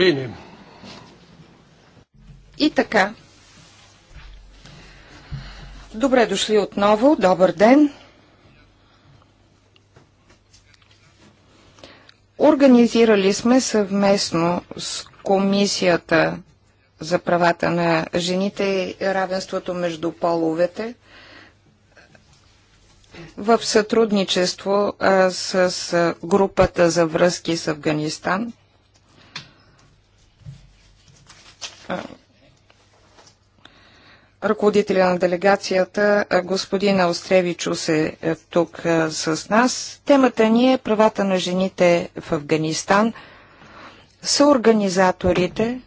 Bene. И така. Добре дошли отново. Добър ден. Организирали сме съвместно с Комисията за правата на жените и равенството между половете в сътрудничество с групата за връзки с Афганистан Е, ръководителя на делегацията, е, господин Остревичус е тук е, с нас. Темата ни е правата на жените в Афганистан. Са организаторите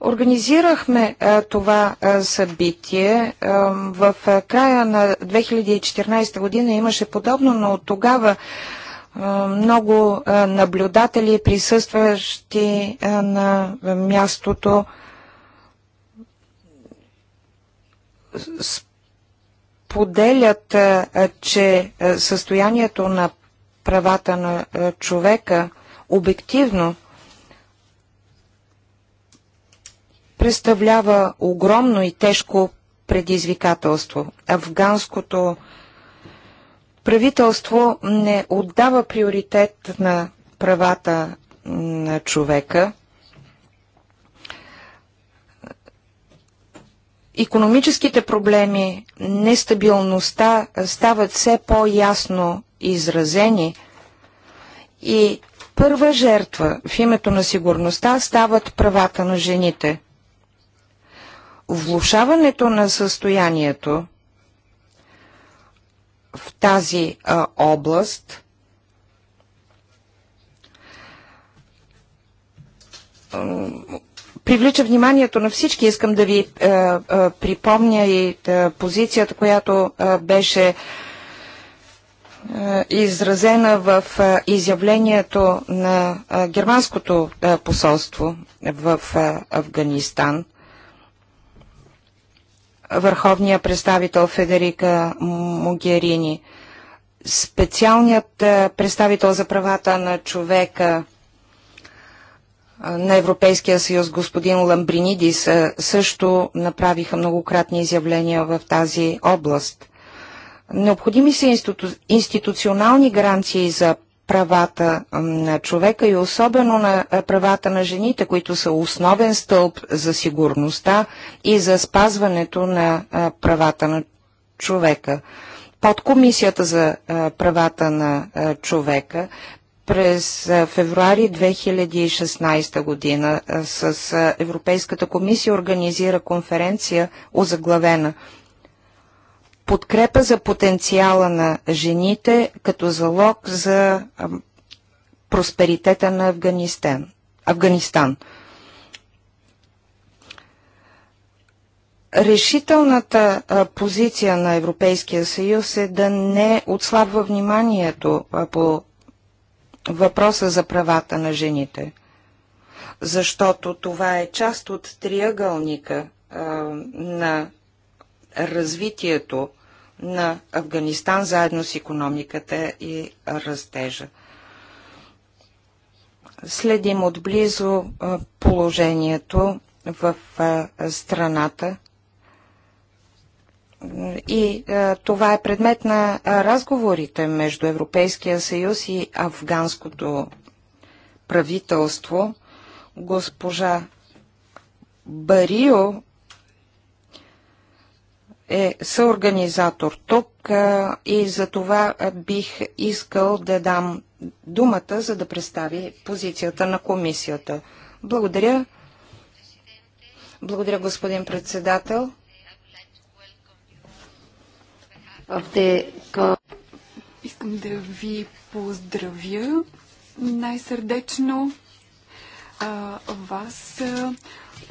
Организирахме а, това а, събитие. А, в а, края на 2014 година имаше подобно, но от тогава а, много а, наблюдатели, присъстващи а, на мястото, споделят, а, че състоянието на правата на а, човека обективно представлява огромно и тежко предизвикателство. Афганското правителство не отдава приоритет на правата на човека. Економическите проблеми, нестабилността стават все по-ясно изразени и първа жертва в името на сигурността стават правата на жените – влушаването на състоянието в тази а, област а, привлича вниманието на всички. Искам да ви а, е, а, е, припомня и а, е, позицията, която а, беше изразена в изявлението на германското посолство в Афганистан върховния представител Федерика Могерини. Специалният е, представител за правата на човека е, на Европейския съюз, господин Ламбринидис, е, също направиха многократни изявления в тази област. Необходими са институ... институционални гаранции за правата на човека и особено на правата на жените, които са основен стълб за сигурността и за спазването на правата на човека. Под Комисията за правата на човека през февруари 2016 година с Европейската комисия организира конференция озаглавена подкрепа за потенциала на жените като залог за просперитета на Афганистан. Афганистан. Решителната позиция на Европейския съюз е да не отслабва вниманието по въпроса за правата на жените, защото това е част от триъгълника на развитието на Афганистан заедно с економиката и растежа. Следим отблизо положението в страната и това е предмет на разговорите между Европейския съюз и афганското правителство. Госпожа Барио е съорганизатор тук а, и за това бих искал да дам думата, за да представи позицията на комисията. Благодаря. Благодаря, господин председател. Искам да ви поздравя най-сърдечно вас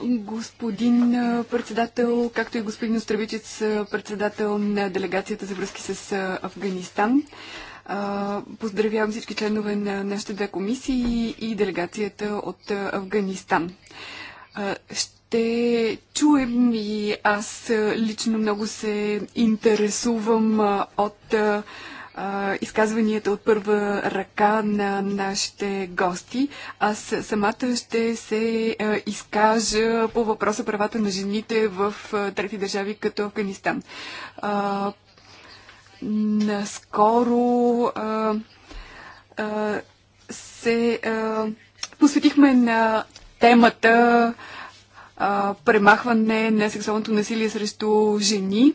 Господин председател, както и господин Остравичец, председател на делегацията за връзки с Афганистан. Поздравявам всички членове на нашите две комисии и делегацията от Афганистан. Ще чуем и аз лично много се интересувам от изказванията от първа ръка на нашите гости. Аз самата ще се изкажа по въпроса правата на жените в трети държави като Афганистан. наскоро се посветихме на темата премахване на сексуалното насилие срещу жени.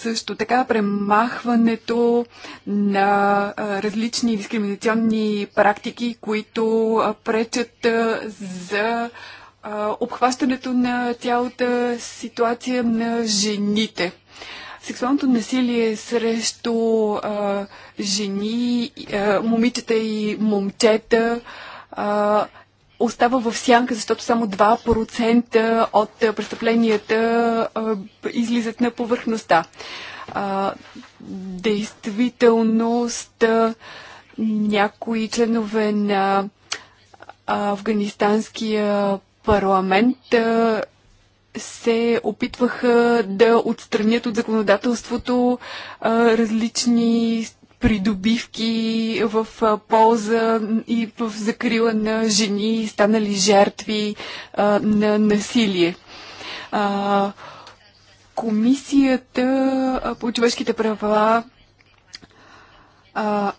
Също така премахването на различни дискриминационни практики, които пречат за обхващането на цялата ситуация на жените. Сексуалното насилие срещу а, жени, а, момичета и момчета а, остава в сянка, защото само 2% от престъпленията а, излизат на повърхността. А, действителност а, някои членове на афганистанския парламент а, се опитваха да отстранят от законодателството а, различни придобивки в полза и в закрила на жени, станали жертви а, на насилие. А, комисията по човешките права а,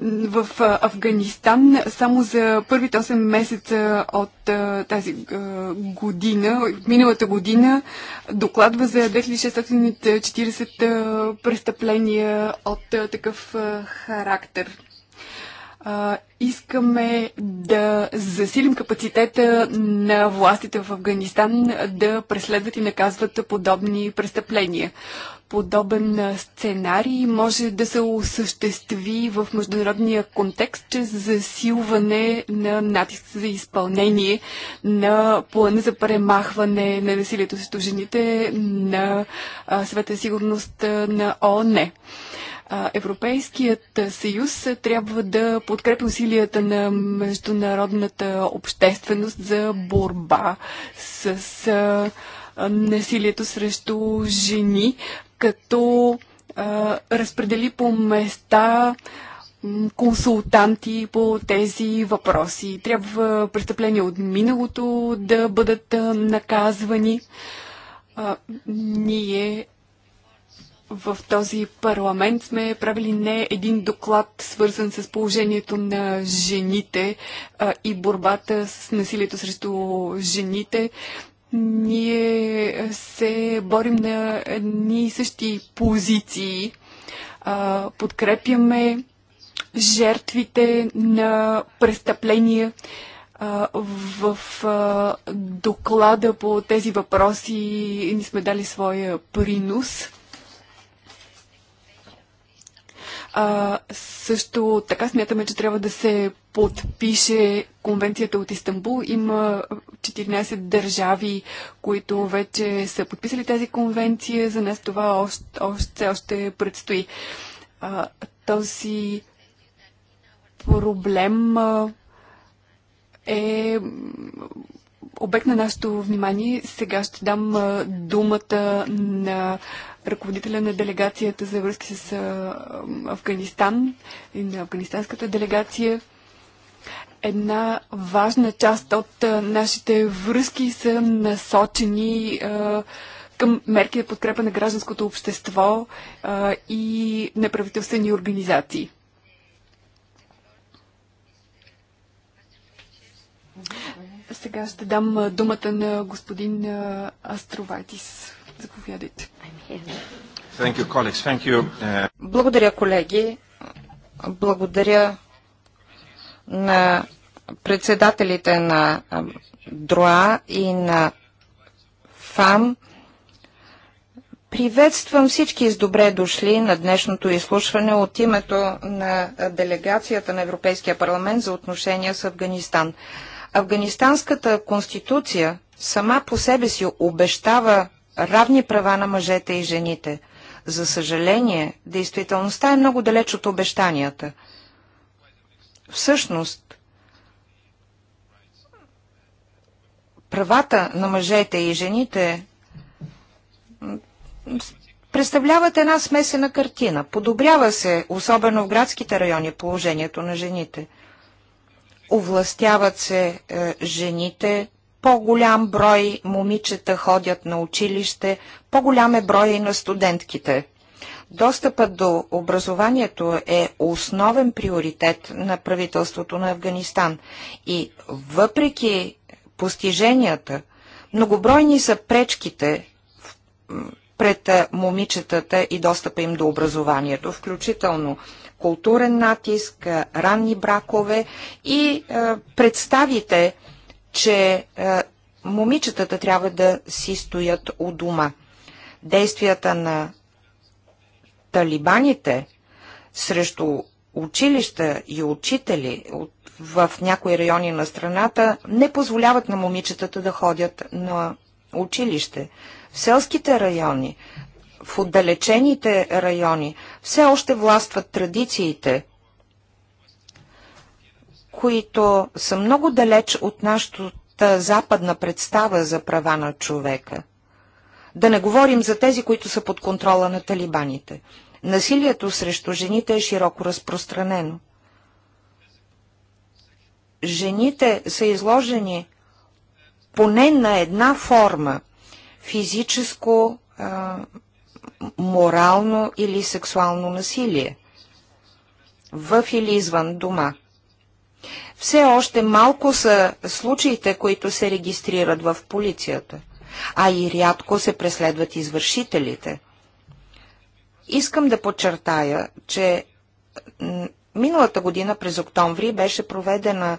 в Афганистан само за първите 8 месеца от тази година, миналата година, докладва за 2640 престъпления от такъв характер а, искаме да засилим капацитета на властите в Афганистан да преследват и наказват подобни престъпления. Подобен сценарий може да се осъществи в международния контекст чрез засилване на натиск за изпълнение на плана за премахване на насилието срещу жените на Съвета сигурност на ООН. Европейският съюз трябва да подкрепи усилията на международната общественост за борба с насилието срещу жени, като разпредели по места консултанти по тези въпроси. Трябва престъпления от миналото да бъдат наказвани. А, ние в този парламент сме правили не един доклад, свързан с положението на жените а, и борбата с насилието срещу жените. Ние се борим на едни и същи позиции. А, подкрепяме жертвите на престъпления. В доклада по тези въпроси ни сме дали своя принос А, също така смятаме, че трябва да се подпише конвенцията от Истанбул. Има 14 държави, които вече са подписали тази конвенция. За нас това още, още, още предстои. А, този проблем е обект на нашето внимание. Сега ще дам думата на ръководителя на делегацията за връзки с Афганистан и на афганистанската делегация. Една важна част от нашите връзки са насочени към мерки за подкрепа на гражданското общество и неправителствени организации. Сега ще дам думата на господин Астроватис. Заповядайте. Thank you, colleagues. Thank you. Uh, Благодаря, колеги. Благодаря на председателите на ДРОА и на ФАМ. Приветствам всички с добре дошли на днешното изслушване от името на делегацията на Европейския парламент за отношения с Афганистан. Афганистанската конституция сама по себе си обещава равни права на мъжете и жените. За съжаление, действителността е много далеч от обещанията. Всъщност, правата на мъжете и жените представляват една смесена картина. Подобрява се, особено в градските райони, положението на жените – Овластяват се е, жените, по-голям брой момичета ходят на училище, по-голям е брой и на студентките. Достъпът до образованието е основен приоритет на правителството на Афганистан и въпреки постиженията, многобройни са пречките пред е, момичетата и достъпа им до образованието, включително културен натиск, ранни бракове и представите, че момичетата трябва да си стоят у дома. Действията на талибаните срещу училища и учители от, в някои райони на страната не позволяват на момичетата да ходят на училище. В селските райони в отдалечените райони все още властват традициите, които са много далеч от нашата западна представа за права на човека. Да не говорим за тези, които са под контрола на талибаните. Насилието срещу жените е широко разпространено. Жените са изложени поне на една форма физическо а, морално или сексуално насилие в или извън дома. Все още малко са случаите, които се регистрират в полицията, а и рядко се преследват извършителите. Искам да подчертая, че миналата година през октомври беше проведена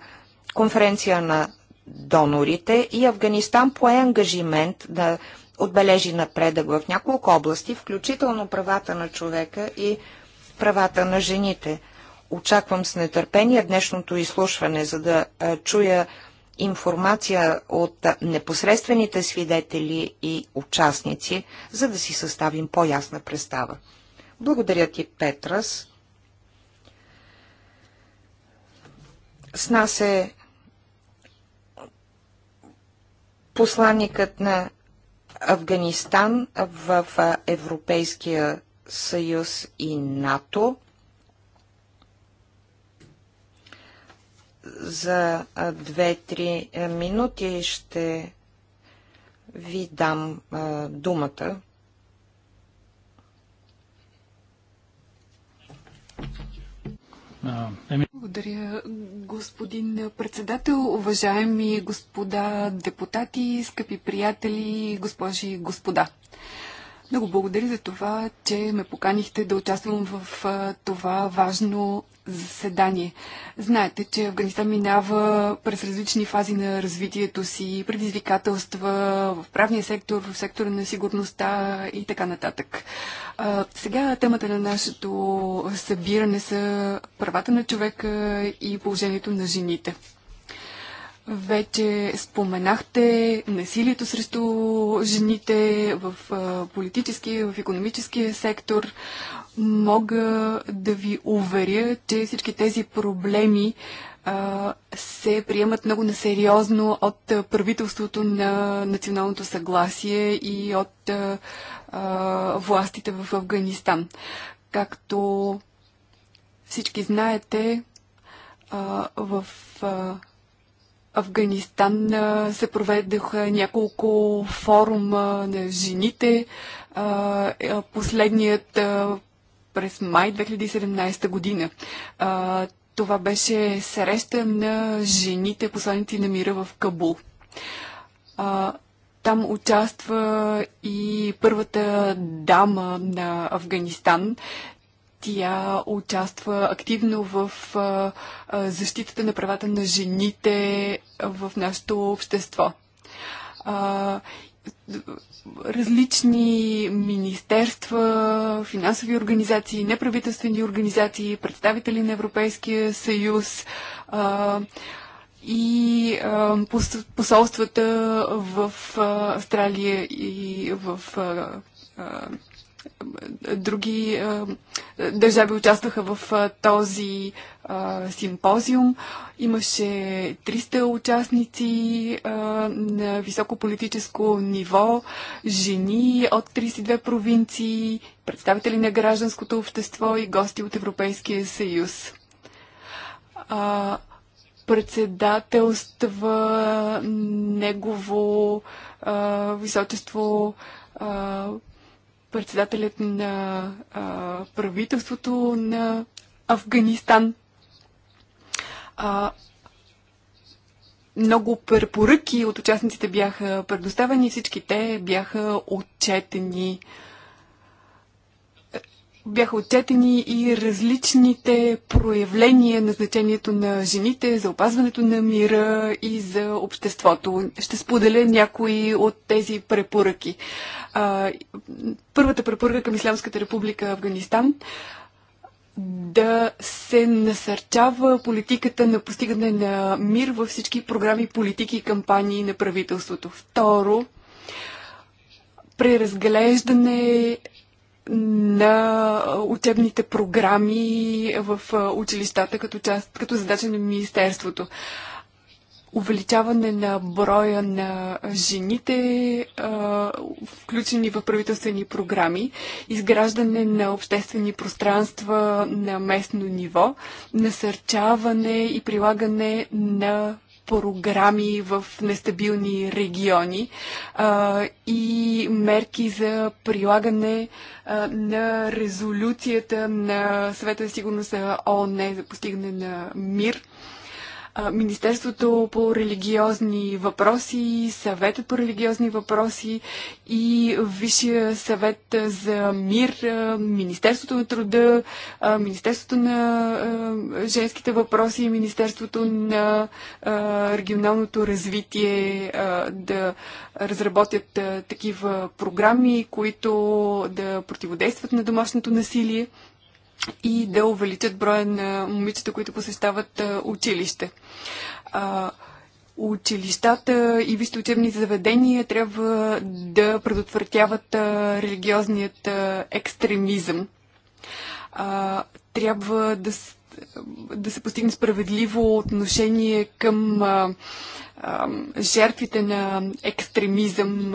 конференция на донорите и Афганистан пое ангажимент да отбележи напредък в няколко области, включително правата на човека и правата на жените. Очаквам с нетърпение днешното изслушване, за да чуя информация от непосредствените свидетели и участници, за да си съставим по-ясна представа. Благодаря ти, Петрас. С нас е посланникът на Афганистан в Европейския съюз и НАТО за 2-3 минути ще ви дам думата Благодаря, господин председател, уважаеми господа депутати, скъпи приятели, госпожи и господа. Много благодаря за това, че ме поканихте да участвам в това важно заседание. Знаете, че Афганистан минава през различни фази на развитието си, предизвикателства в правния сектор, в сектора на сигурността и така нататък. сега темата на нашето събиране са правата на човека и положението на жените. Вече споменахте насилието срещу жените в политически, в економическия сектор. Мога да ви уверя, че всички тези проблеми се приемат много насериозно от правителството на националното съгласие и от властите в Афганистан. Както всички знаете, в Афганистан се проведоха няколко форума на жените. Последният през май 2017 година. Това беше среща на жените посланици на мира в Кабул. Там участва и първата дама на Афганистан. Тя участва активно в защитата на правата на жените в нашето общество различни министерства, финансови организации, неправителствени организации, представители на Европейския съюз а, и а, посолствата в Австралия и в а, други държави участваха в този симпозиум. Имаше 300 участници на високо политическо ниво, жени от 32 провинции, представители на гражданското общество и гости от Европейския съюз председателства негово а, височество а, председателят на а, правителството на Афганистан. А, много препоръки от участниците бяха предоставени, всички те бяха отчетени бяха отчетени и различните проявления на значението на жените за опазването на мира и за обществото. Ще споделя някои от тези препоръки. Първата препоръка към Исламската република е Афганистан да се насърчава политиката на постигане на мир във всички програми, политики и кампании на правителството. Второ, преразглеждане на учебните програми в училищата като, част, като задача на Министерството. Увеличаване на броя на жените, включени в правителствени програми, изграждане на обществени пространства на местно ниво, насърчаване и прилагане на програми в нестабилни региони а, и мерки за прилагане а, на резолюцията на Съвета за сигурност ООН за постигане на мир. Министерството по религиозни въпроси, съветът по религиозни въпроси и Висшия съвет за мир, Министерството на труда, Министерството на женските въпроси и Министерството на регионалното развитие да разработят такива програми, които да противодействат на домашното насилие и да увеличат броя на момичета, които посещават училище. Училищата и висшите учебни заведения трябва да предотвратяват религиозният екстремизъм. Трябва да, да се постигне справедливо отношение към жертвите на екстремизъм.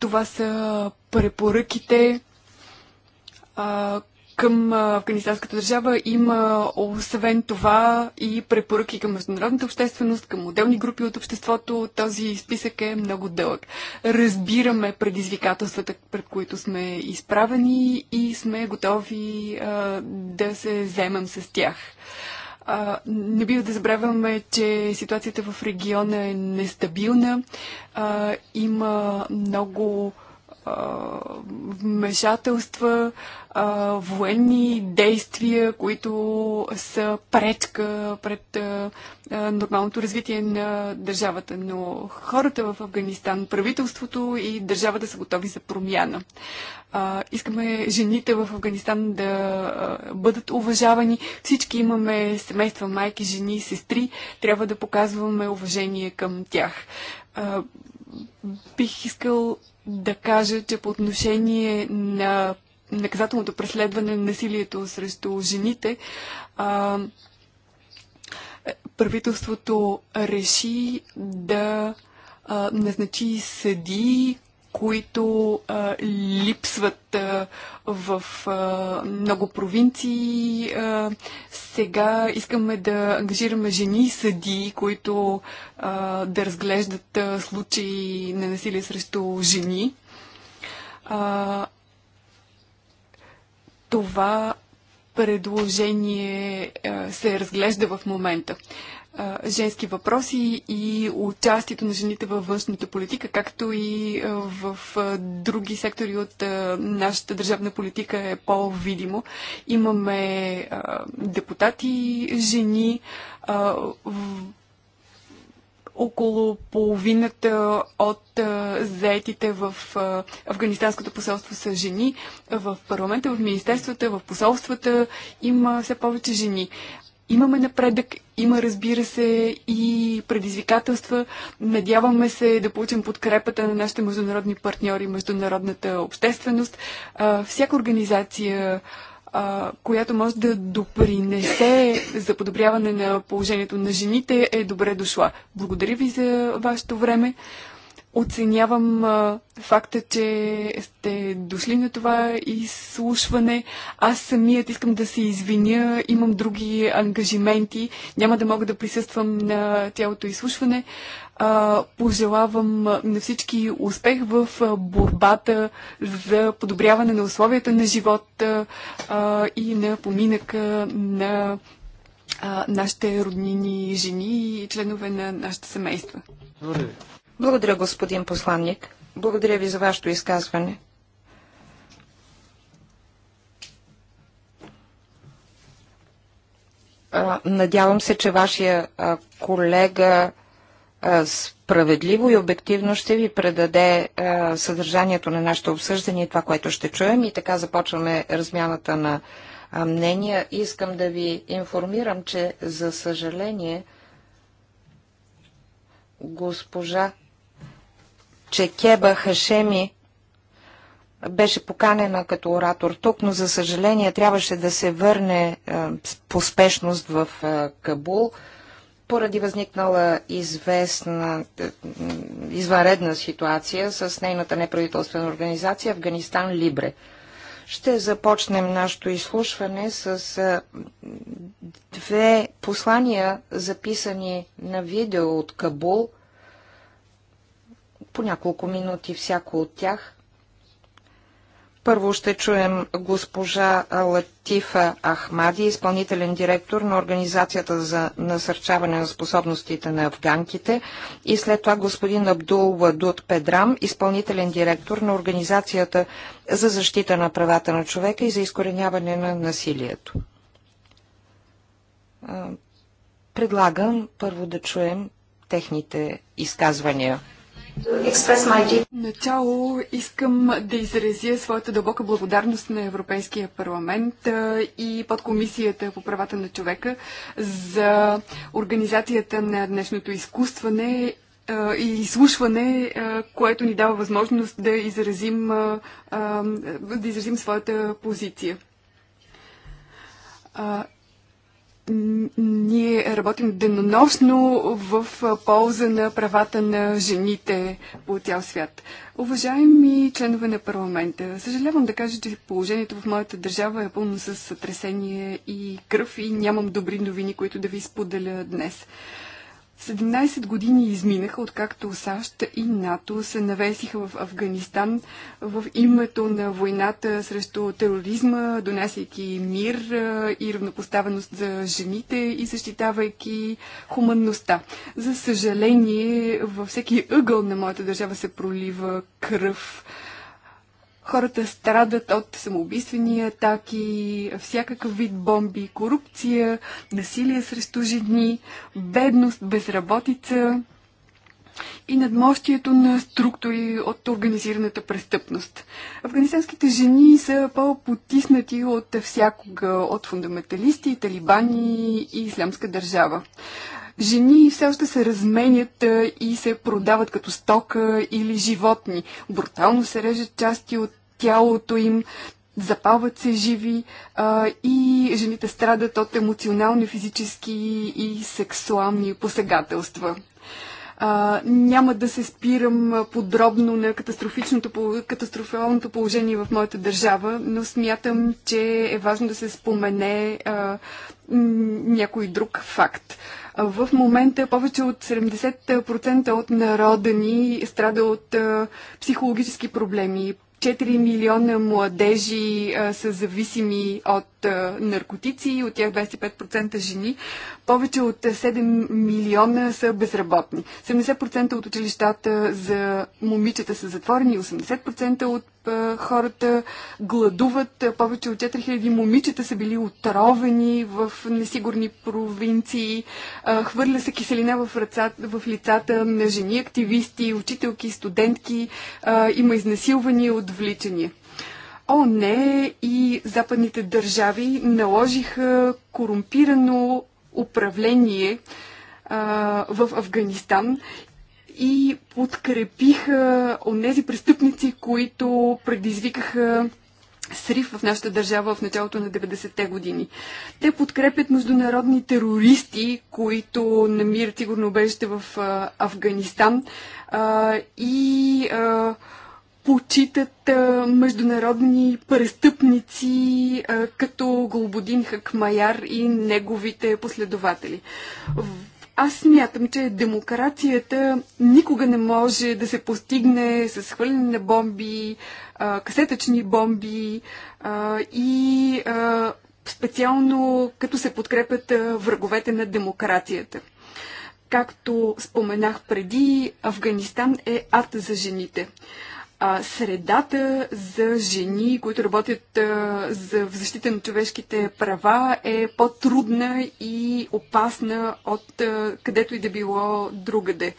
Това са препоръките а, към афганистанската държава има освен това и препоръки към международната общественост, към отделни групи от обществото. Този списък е много дълъг. Разбираме предизвикателствата, пред които сме изправени и сме готови а, да се вземем с тях. А, не бива да забравяме, че ситуацията в региона е нестабилна. А, има много вмешателства, военни действия, които са пречка пред нормалното развитие на държавата. Но хората в Афганистан, правителството и държавата са готови за промяна. Искаме жените в Афганистан да бъдат уважавани. Всички имаме семейства, майки, жени, сестри. Трябва да показваме уважение към тях. Бих искал да кажа, че по отношение на наказателното преследване на насилието срещу жените, а, правителството реши да а, назначи съди, които а, липсват а, в а, много провинции. А, сега искаме да ангажираме жени и съдии, които а, да разглеждат а, случаи на насилие срещу жени. А, това предложение а, се разглежда в момента. А, женски въпроси и участието на жените във външната политика, както и в други сектори от нашата държавна политика е по-видимо. Имаме депутати, жени, около половината от заетите в Афганистанското посолство са жени. В парламента, в министерствата, в посолствата има все повече жени. Имаме напредък, има разбира се и предизвикателства. Надяваме се да получим подкрепата на нашите международни партньори, международната общественост. Всяка организация, която може да допринесе за подобряване на положението на жените, е добре дошла. Благодаря ви за вашето време. Оценявам а, факта, че сте дошли на това изслушване. Аз самият искам да се извиня. Имам други ангажименти. Няма да мога да присъствам на цялото изслушване. А, пожелавам на всички успех в борбата за подобряване на условията на живот а, и на поминъка на а, нашите роднини жени и членове на нашите семейства. Добре. Благодаря, господин посланник. Благодаря ви за вашето изказване. Надявам се, че вашия колега справедливо и обективно ще ви предаде съдържанието на нашето обсъждане и това, което ще чуем. И така започваме размяната на мнения. Искам да ви информирам, че за съжаление госпожа че Кеба Хашеми беше поканена като оратор тук, но за съжаление трябваше да се върне е, по спешност в е, Кабул поради възникнала известна е, извънредна ситуация с нейната неправителствена организация Афганистан Либре. Ще започнем нашето изслушване с две послания, записани на видео от Кабул, по няколко минути всяко от тях. Първо ще чуем госпожа Латифа Ахмади, изпълнителен директор на Организацията за насърчаване на способностите на афганките и след това господин Абдул Вадут Педрам, изпълнителен директор на Организацията за защита на правата на човека и за изкореняване на насилието. Предлагам първо да чуем техните изказвания. Начало искам да изразя своята дълбока благодарност на Европейския парламент и подкомисията по правата на човека за организацията на днешното изкустване и изслушване, което ни дава възможност да изразим, да изразим своята позиция ние работим денонощно в полза на правата на жените по цял свят. Уважаеми членове на парламента, съжалявам да кажа, че положението в моята държава е пълно с сътресение и кръв и нямам добри новини, които да ви споделя днес. 17 години изминаха, откакто САЩ и НАТО се навесиха в Афганистан в името на войната срещу тероризма, донесейки мир и равнопоставеност за жените и защитавайки хуманността. За съжаление, във всеки ъгъл на моята държава се пролива кръв Хората страдат от самоубийствени атаки, всякакъв вид бомби, корупция, насилие срещу жени, бедност, безработица и надмощието на структури от организираната престъпност. Афганистанските жени са по-потиснати от всякога, от фундаменталисти, талибани и ислямска държава. Жени все още се разменят и се продават като стока или животни. Брутално се режат части от тялото им, запалват се живи а, и жените страдат от емоционални, физически и сексуални посегателства. А, няма да се спирам подробно на катастрофичното, катастрофалното положение в моята държава, но смятам, че е важно да се спомене а, някой друг факт. в момента повече от 70% от народа ни страда от а, психологически проблеми, 4 милиона младежи а, са зависими от а, наркотици, от тях 25% жени. Повече от 7 милиона са безработни. 70% от училищата за момичета са затворени, 80% от хората гладуват. Повече от 4000 момичета са били отровени в несигурни провинции. Хвърля се киселина в, ръцата, в лицата на жени, активисти, учителки, студентки. Има отвличани. О не и западните държави наложиха корумпирано управление в Афганистан и подкрепиха онези престъпници, които предизвикаха срив в нашата държава в началото на 90-те години. Те подкрепят международни терористи, които намират сигурно убежище в а, Афганистан а, и а, почитат а, международни престъпници а, като Голбодин Хакмаяр и неговите последователи. Аз смятам, че демокрацията никога не може да се постигне с хвърляне на бомби, касетъчни бомби и специално като се подкрепят враговете на демокрацията. Както споменах преди, Афганистан е ад за жените а, средата за жени, които работят а, за в защита на човешките права, е по-трудна и опасна от а, където и да било другаде.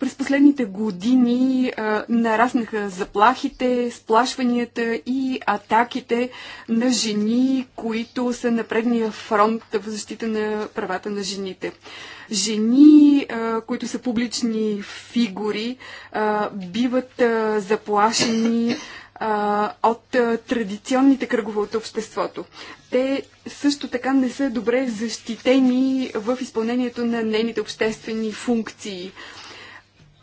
През последните години а, нараснаха заплахите, сплашванията и атаките на жени, които са на предния фронт в защита на правата на жените жени, които са публични фигури, биват заплашени от традиционните кръгове от обществото. Те също така не са добре защитени в изпълнението на нейните обществени функции.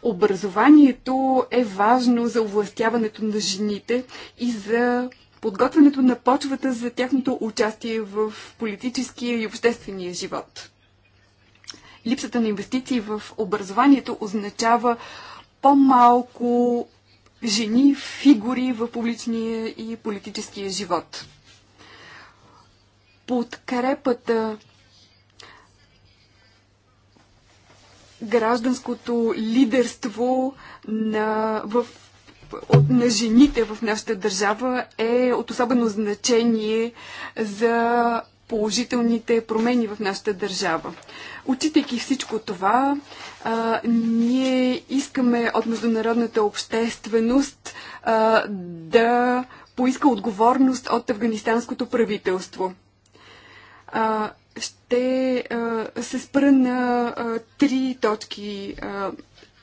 Образованието е важно за овластяването на жените и за подготвянето на почвата за тяхното участие в политическия и обществения живот липсата на инвестиции в образованието означава по-малко жени фигури в публичния и политическия живот. Подкрепата гражданското лидерство на, в, от, на жените в нашата държава е от особено значение за положителните промени в нашата държава. Отчитайки всичко това, а, ние искаме от международната общественост а, да поиска отговорност от афганистанското правителство. А, ще а, се спра на а, три точки. А,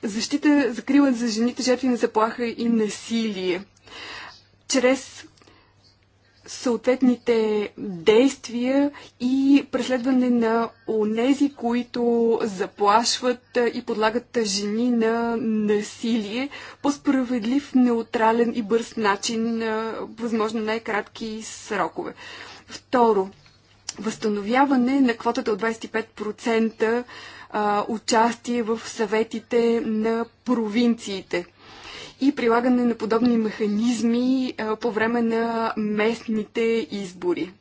защита, закрила за жените, жертви на заплаха и насилие. Чрез съответните действия и преследване на онези, които заплашват и подлагат жени на насилие по справедлив, неутрален и бърз начин, възможно най-кратки срокове. Второ, възстановяване на квотата от 25% участие в съветите на провинциите – и прилагане на подобни механизми по време на местните избори.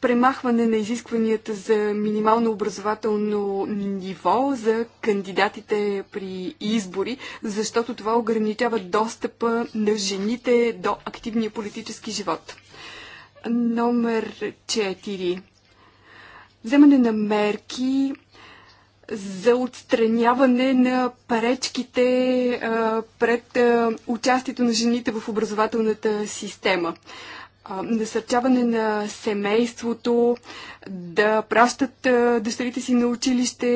Премахване на изискванията за минимално образователно ниво за кандидатите при избори, защото това ограничава достъпа на жените до активния политически живот. Номер 4. Вземане на мерки за отстраняване на пречките а, пред а, участието на жените в образователната система. А, насърчаване на семейството да пращат а, дъщерите си на училище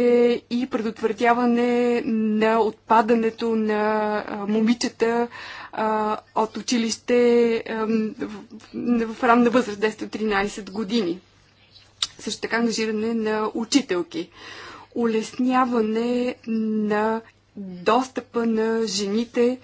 и предотвратяване на отпадането на а, момичета а, от училище а, в, в ранна възраст 10-13 години. Също така ангажиране на учителки. А, улесняване на достъпа на жените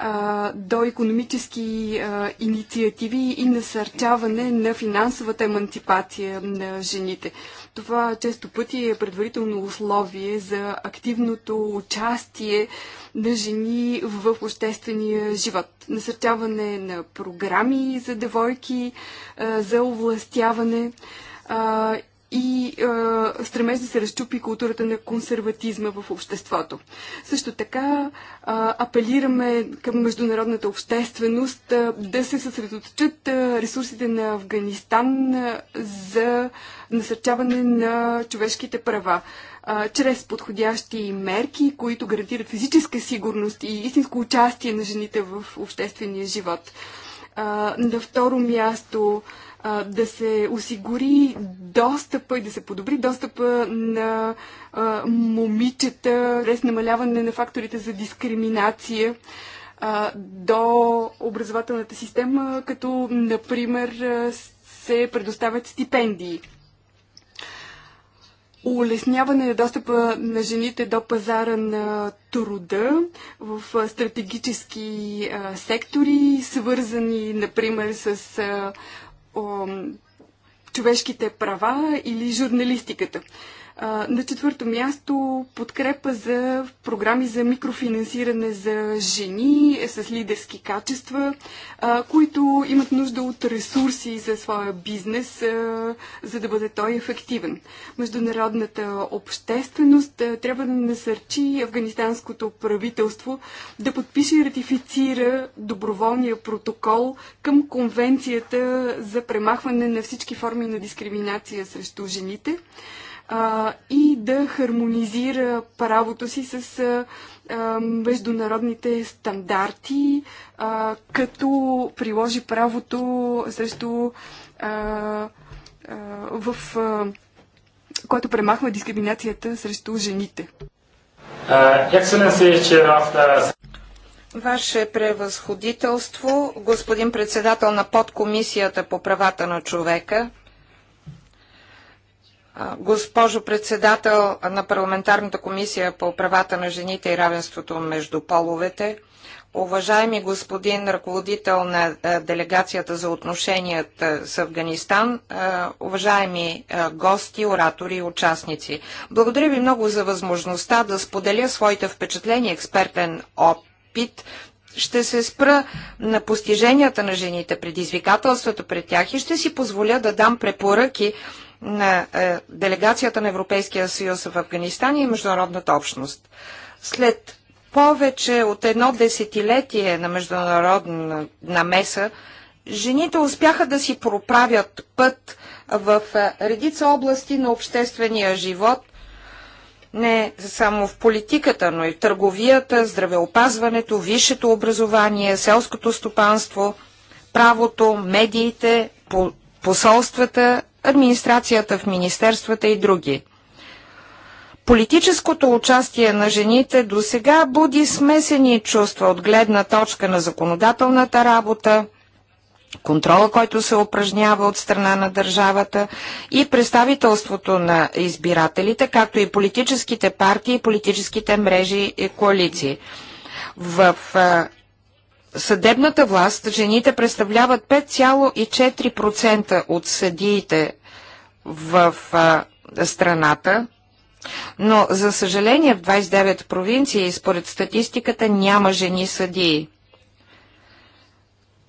а, до економически а, инициативи и насърчаване на финансовата емансипация на жените. Това често пъти е предварително условие за активното участие на жени в обществения живот. Насърчаване на програми за девойки, а, за овластяване и е, стремеж да се разчупи културата на консерватизма в обществото. Също така е, апелираме към международната общественост е, да се съсредоточат е, ресурсите на Афганистан е, за насърчаване на човешките права е, чрез подходящи мерки, които гарантират физическа сигурност и истинско участие на жените в обществения живот. Е, на второ място е, да се осигури достъпа и да се подобри достъпа на момичета, с намаляване на факторите за дискриминация до образователната система, като, например, се предоставят стипендии. Улесняване на достъпа на жените до пазара на труда в стратегически сектори, свързани, например, с човешките права или журналистиката. На четвърто място подкрепа за програми за микрофинансиране за жени е с лидерски качества, които имат нужда от ресурси за своя бизнес, за да бъде той ефективен. Международната общественост трябва да насърчи афганистанското правителство да подпише и ратифицира доброволния протокол към Конвенцията за премахване на всички форми на дискриминация срещу жените а, и да хармонизира правото си с а, международните стандарти, а, като приложи правото срещу а, а, в а, което премахва дискриминацията срещу жените. Ваше превъзходителство, господин председател на подкомисията по правата на човека, Госпожо председател на парламентарната комисия по правата на жените и равенството между половете, уважаеми господин ръководител на делегацията за отношенията с Афганистан, уважаеми гости, оратори и участници. Благодаря ви много за възможността да споделя своите впечатления експертен опит ще се спра на постиженията на жените, предизвикателствата пред тях и ще си позволя да дам препоръки на е, делегацията на Европейския съюз в Афганистан и международната общност. След повече от едно десетилетие на международна намеса, жените успяха да си проправят път в е, редица области на обществения живот, не само в политиката, но и в търговията, здравеопазването, висшето образование, селското стопанство, правото, медиите, посолствата администрацията в министерствата и други. Политическото участие на жените до сега буди смесени чувства от гледна точка на законодателната работа, контрола, който се упражнява от страна на държавата и представителството на избирателите, както и политическите партии, политическите мрежи и коалиции. В съдебната власт жените представляват 5,4% от съдиите в а, страната, но за съжаление в 29 провинции според статистиката няма жени съдии.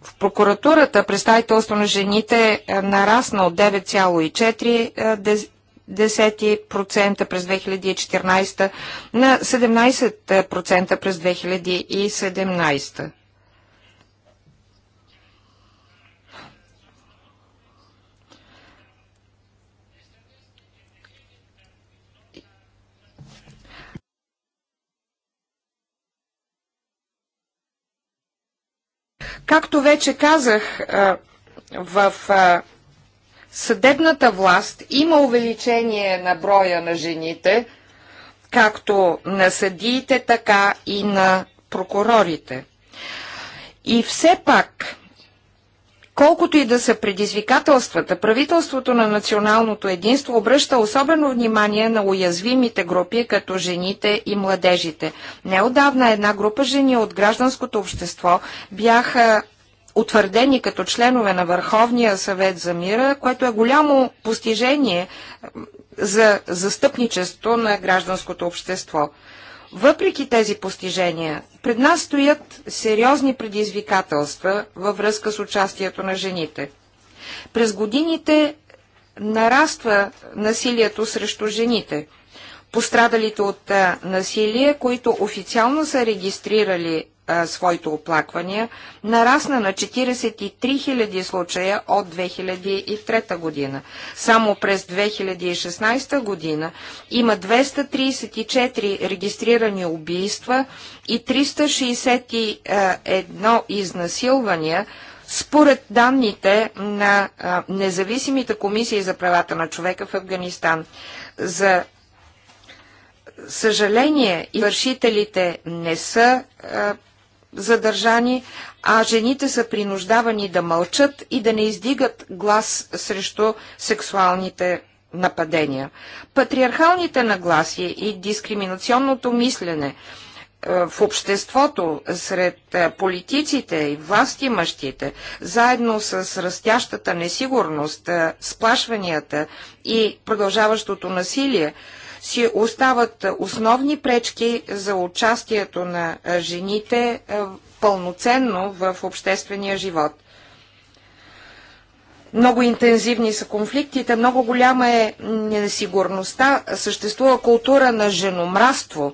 В прокуратурата представителство на жените е, нарасна от 9,4% е, през 2014 на 17% през 2017. Както вече казах, в съдебната власт има увеличение на броя на жените, както на съдиите, така и на прокурорите. И все пак Колкото и да са предизвикателствата, правителството на националното единство обръща особено внимание на уязвимите групи, като жените и младежите. Неодавна една група жени от гражданското общество бяха утвърдени като членове на Върховния съвет за мира, което е голямо постижение за застъпничество на гражданското общество. Въпреки тези постижения, пред нас стоят сериозни предизвикателства във връзка с участието на жените. През годините нараства насилието срещу жените. Пострадалите от насилие, които официално са регистрирали своите оплаквания, нарасна на 43 000 случая от 2003 година. Само през 2016 година има 234 регистрирани убийства и 361 изнасилвания, според данните на независимите комисии за правата на човека в Афганистан. За съжаление, извършителите не са а, задържани, а жените са принуждавани да мълчат и да не издигат глас срещу сексуалните нападения. Патриархалните нагласи и дискриминационното мислене е, в обществото, сред е, политиците и властимащите, заедно с растящата несигурност, е, сплашванията и продължаващото насилие, си остават основни пречки за участието на жените пълноценно в обществения живот. Много интензивни са конфликтите, много голяма е несигурността, съществува култура на женомраство,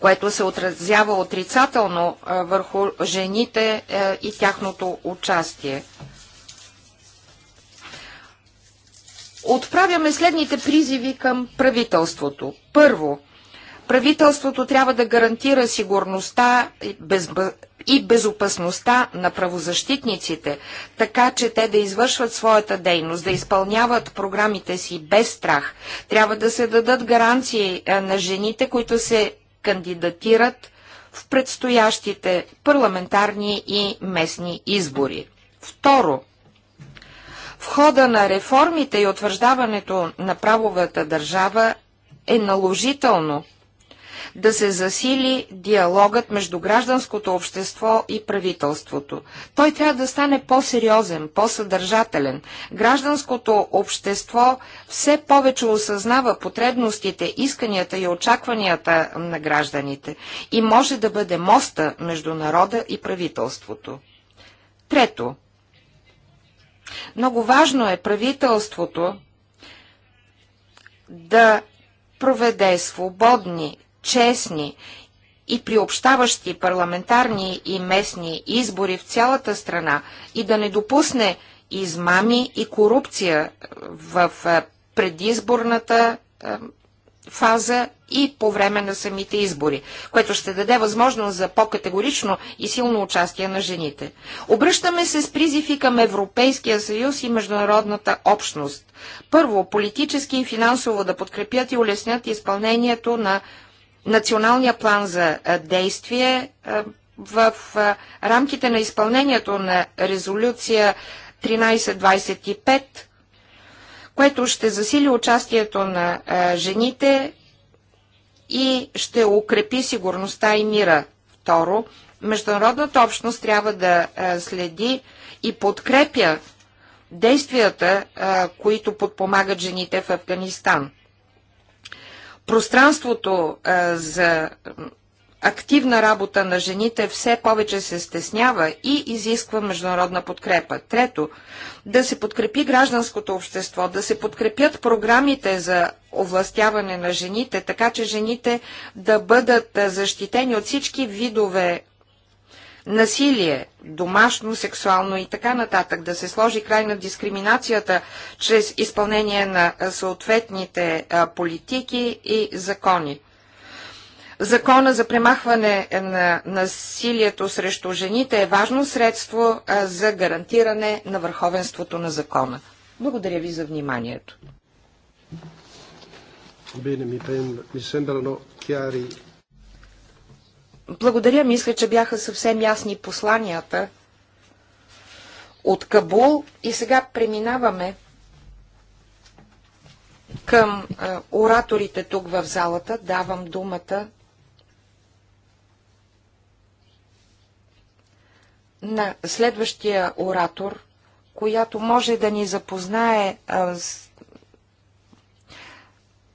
което се отразява отрицателно върху жените и тяхното участие. отправяме следните призиви към правителството. Първо, правителството трябва да гарантира сигурността и, без... и безопасността на правозащитниците, така че те да извършват своята дейност, да изпълняват програмите си без страх. Трябва да се дадат гаранции е, на жените, които се кандидатират в предстоящите парламентарни и местни избори. Второ, в хода на реформите и утвърждаването на правовата държава е наложително да се засили диалогът между гражданското общество и правителството. Той трябва да стане по-сериозен, по-съдържателен. Гражданското общество все повече осъзнава потребностите, исканията и очакванията на гражданите и може да бъде моста между народа и правителството. Трето, много важно е правителството да проведе свободни, честни и приобщаващи парламентарни и местни избори в цялата страна и да не допусне измами и корупция в предизборната фаза и по време на самите избори, което ще даде възможност за по-категорично и силно участие на жените. Обръщаме се с призиви към Европейския съюз и международната общност. Първо, политически и финансово да подкрепят и улеснят изпълнението на националния план за действие в рамките на изпълнението на резолюция 1325 което ще засили участието на жените и ще укрепи сигурността и мира. Второ, международната общност трябва да следи и подкрепя действията, които подпомагат жените в Афганистан. Пространството за активна работа на жените все повече се стеснява и изисква международна подкрепа. Трето, да се подкрепи гражданското общество, да се подкрепят програмите за овластяване на жените, така че жените да бъдат защитени от всички видове насилие, домашно, сексуално и така нататък, да се сложи край на дискриминацията чрез изпълнение на съответните политики и закони. Закона за премахване на насилието срещу жените е важно средство за гарантиране на върховенството на закона. Благодаря ви за вниманието. Благодаря, мисля, че бяха съвсем ясни посланията от Кабул и сега преминаваме към ораторите тук в залата. Давам думата на следващия оратор, която може да ни запознае а, с,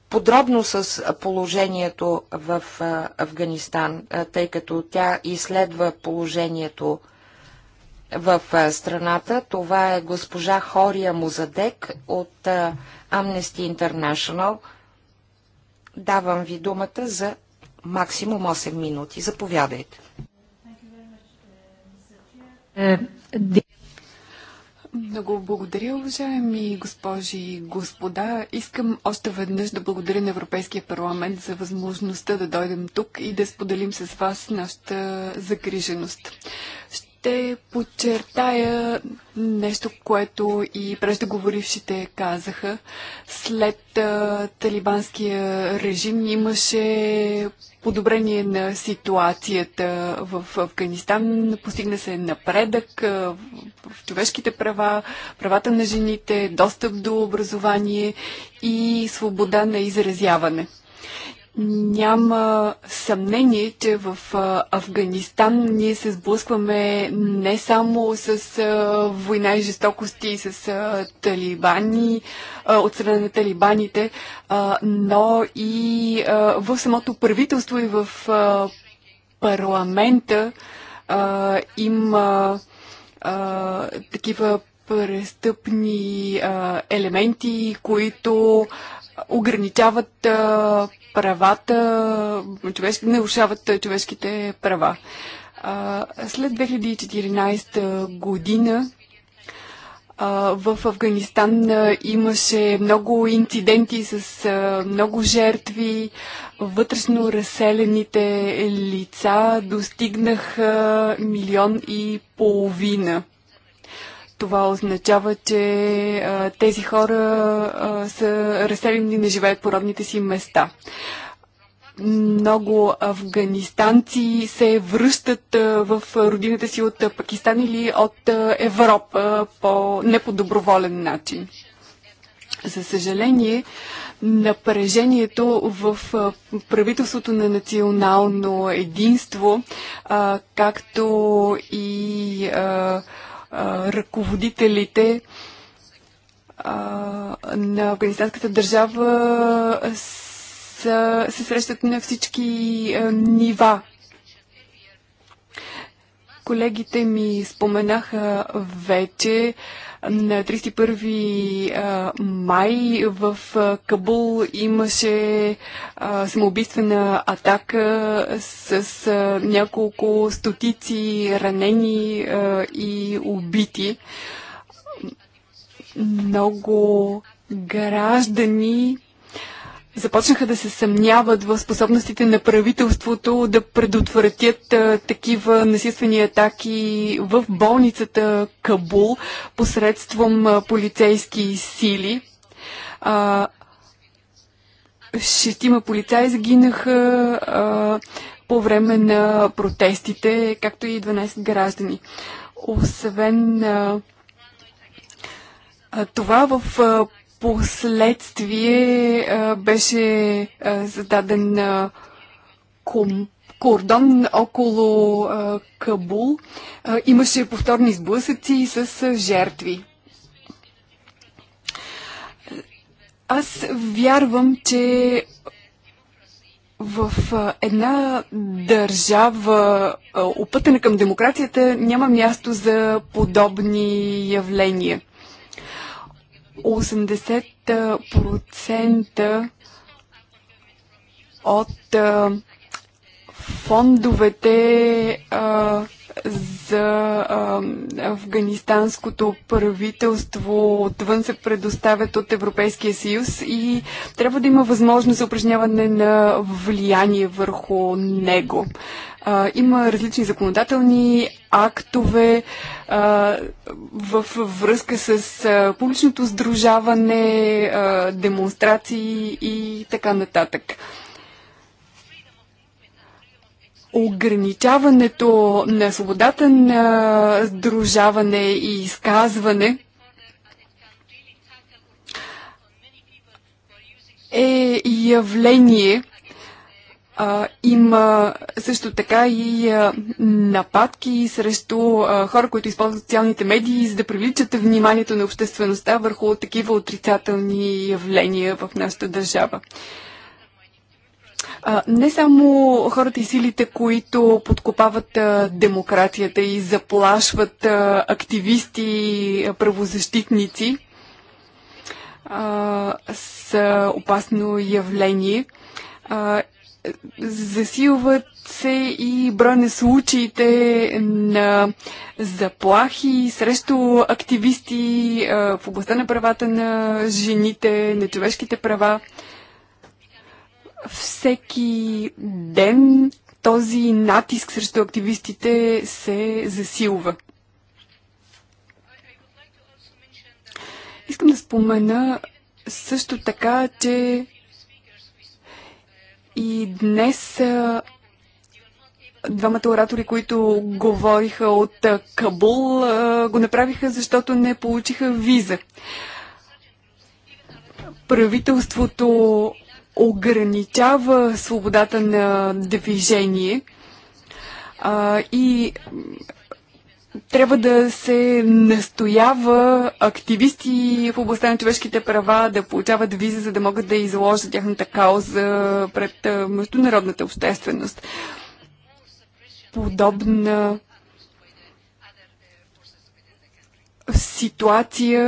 подробно с положението в а, Афганистан, а, тъй като тя изследва положението в а, страната. Това е госпожа Хория Музадек от а, Amnesty International. Давам ви думата за максимум 8 минути. Заповядайте. Много благодаря, уважаеми госпожи и господа. Искам още веднъж да благодаря на Европейския парламент за възможността да дойдем тук и да споделим с вас нашата загриженост. Ще ще подчертая нещо, което и преждеговорившите казаха. След а, талибанския режим имаше подобрение на ситуацията в Афганистан. Постигна се напредък а, в човешките права, правата на жените, достъп до образование и свобода на изразяване. Няма съмнение, че в Афганистан ние се сблъскваме не само с война и жестокости с талибани, от страна на талибаните, но и в самото правителство и в парламента има такива престъпни елементи, които ограничават а, правата, човешки, нарушават човешките права. А, след 2014 година в Афганистан имаше много инциденти с много жертви. Вътрешно разселените лица достигнаха милион и половина. Това означава, че а, тези хора а, са разселени, не живеят по родните си места. Много афганистанци се връщат а, в родината си от Пакистан или от а, Европа по неподоброволен начин. За съжаление, напрежението в правителството на национално единство, а, както и а, ръководителите а, на афганистанската държава са, се срещат на всички а, нива Колегите ми споменаха вече на 31 май в Кабул имаше самоубийствена атака с няколко стотици ранени и убити. Много граждани започнаха да се съмняват в способностите на правителството да предотвратят а, такива насилствени атаки в болницата Кабул посредством а, полицейски сили. А, шестима полицаи загинаха а, по време на протестите, както и 12 граждани. Освен а, това в последствие беше зададен ком, кордон около Кабул. имаше повторни сблъсъци с жертви. Аз вярвам, че в една държава, опътена към демокрацията, няма място за подобни явления. 80% от фондовете а, за а, афганистанското правителство отвън се предоставят от Европейския съюз и трябва да има възможност за упражняване на влияние върху него. А, има различни законодателни актове а, в връзка с а, публичното сдружаване, а, демонстрации и така нататък ограничаването на свободата на сдружаване и изказване е явление. А, има също така и а, нападки срещу а, хора, които използват социалните медии, за да привличат вниманието на обществеността върху такива отрицателни явления в нашата държава. А, не само хората и силите, които подкопават демокрацията и заплашват активисти правозащитници, са опасно явление. Засилват се и броя на случаите на заплахи срещу активисти в областта на правата на жените, на човешките права. Всеки ден този натиск срещу активистите се засилва. Искам да спомена също така, че и днес двамата оратори, които говориха от Кабул, го направиха, защото не получиха виза. Правителството ограничава свободата на движение а, и трябва да се настоява активисти в областта на човешките права да получават виза, за да могат да изложат тяхната кауза пред международната общественост. Подобна ситуация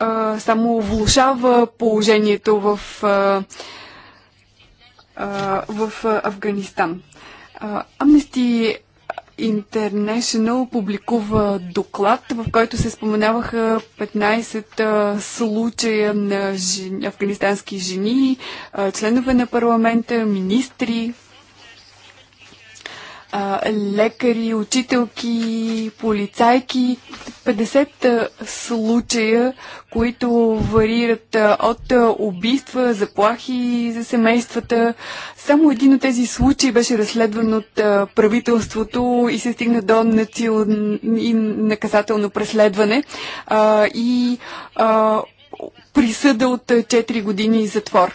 а, само влушава положението в а, в Афганистан. Amnesty International публикува доклад, в който се споменаваха 15 случая на жени, афганистански жени, членове на парламента, министри, лекари, учителки, полицайки. 50 случая, които варират от убийства, заплахи за семействата. Само един от тези случаи беше разследван от правителството и се стигна до наказателно преследване и присъда от 4 години затвор.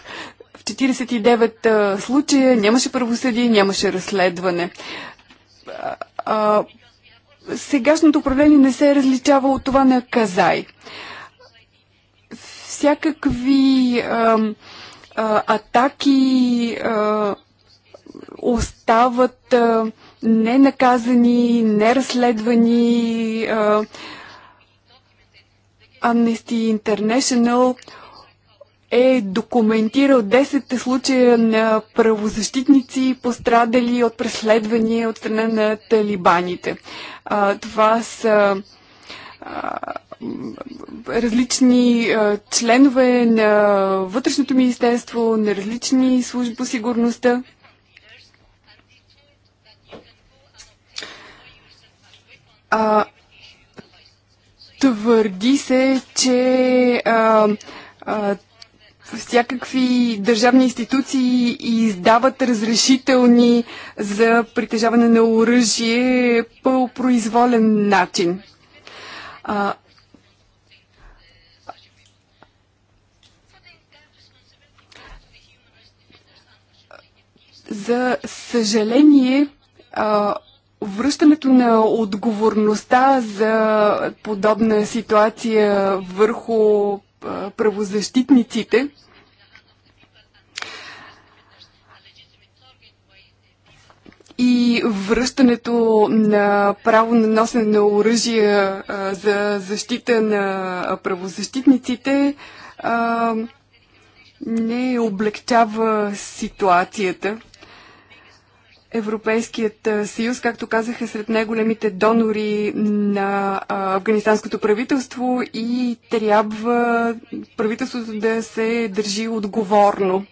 49 случая нямаше правосъдие, нямаше разследване. сегашното управление не се е различава от това на Казай. Всякакви а, а, атаки а, остават а, ненаказани, неразследвани. А, Amnesty International е документирал 10 случая на правозащитници, пострадали от преследвания от страна на талибаните. А, това са а, различни а, членове на Вътрешното министерство, на различни служби по сигурността. А, твърди се, че а, а, всякакви държавни институции издават разрешителни за притежаване на оръжие по произволен начин. за съжаление, връщането на отговорността за подобна ситуация върху правозащитниците. и връщането на право на носене на оръжия за защита на правозащитниците а, не облегчава ситуацията. Европейският съюз, както казах, е сред най-големите донори на афганистанското правителство и трябва правителството да се държи отговорно.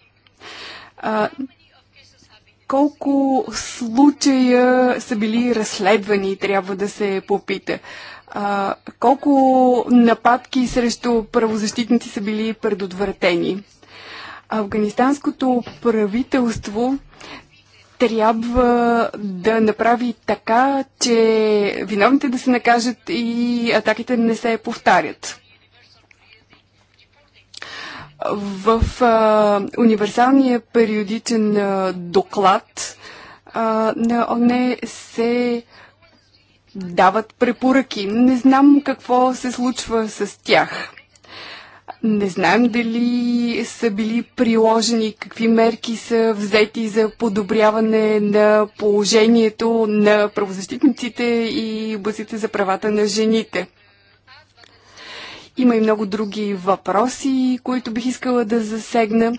Колко случая са били разследвани, трябва да се попита. А, колко нападки срещу правозащитници са били предотвратени? Афганистанското правителство трябва да направи така, че виновните да се накажат и атаките не се повтарят. В а, универсалния периодичен а, доклад а, на ОНЕ се дават препоръки. Не знам какво се случва с тях. Не знаем дали са били приложени, какви мерки са взети за подобряване на положението на правозащитниците и базите за правата на жените. Има и много други въпроси, които бих искала да засегна.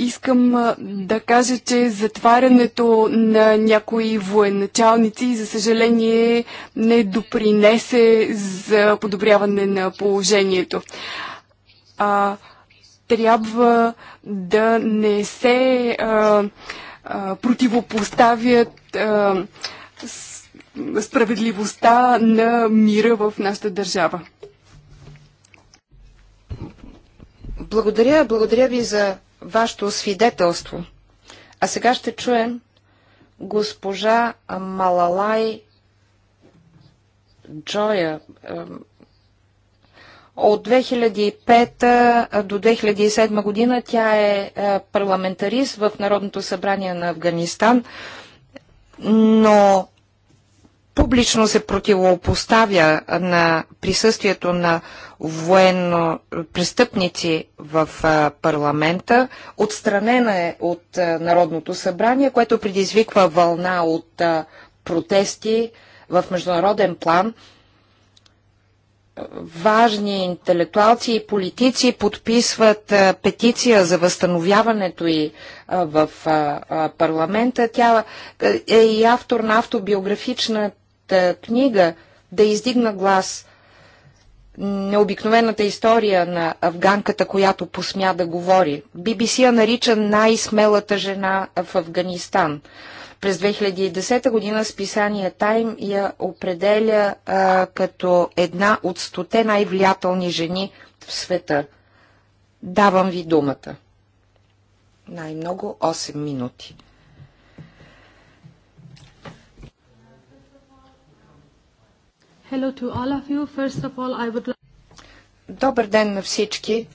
Искам да кажа, че затварянето на някои военачалници, за съжаление, не допринесе за подобряване на положението. А, трябва да не се а, а, противопоставят а, справедливостта на мира в нашата държава. Благодаря, благодаря ви за вашето свидетелство. А сега ще чуем госпожа Малалай Джоя. От 2005 до 2007 година тя е, е парламентарист в Народното събрание на Афганистан, но публично се противопоставя на присъствието на военно престъпници в парламента. Отстранена е от Народното събрание, което предизвиква вълна от протести в международен план. Важни интелектуалци и политици подписват петиция за възстановяването и в парламента. Тя е и автор на автобиографична е, книга да издигна глас необикновената история на афганката, която посмя да говори. BBC я нарича най-смелата жена в Афганистан. През 2010 година списание Тайм я определя а, като една от стоте най-влиятелни жени в света. Давам ви думата. Най-много 8 минути. Добър ден на всички.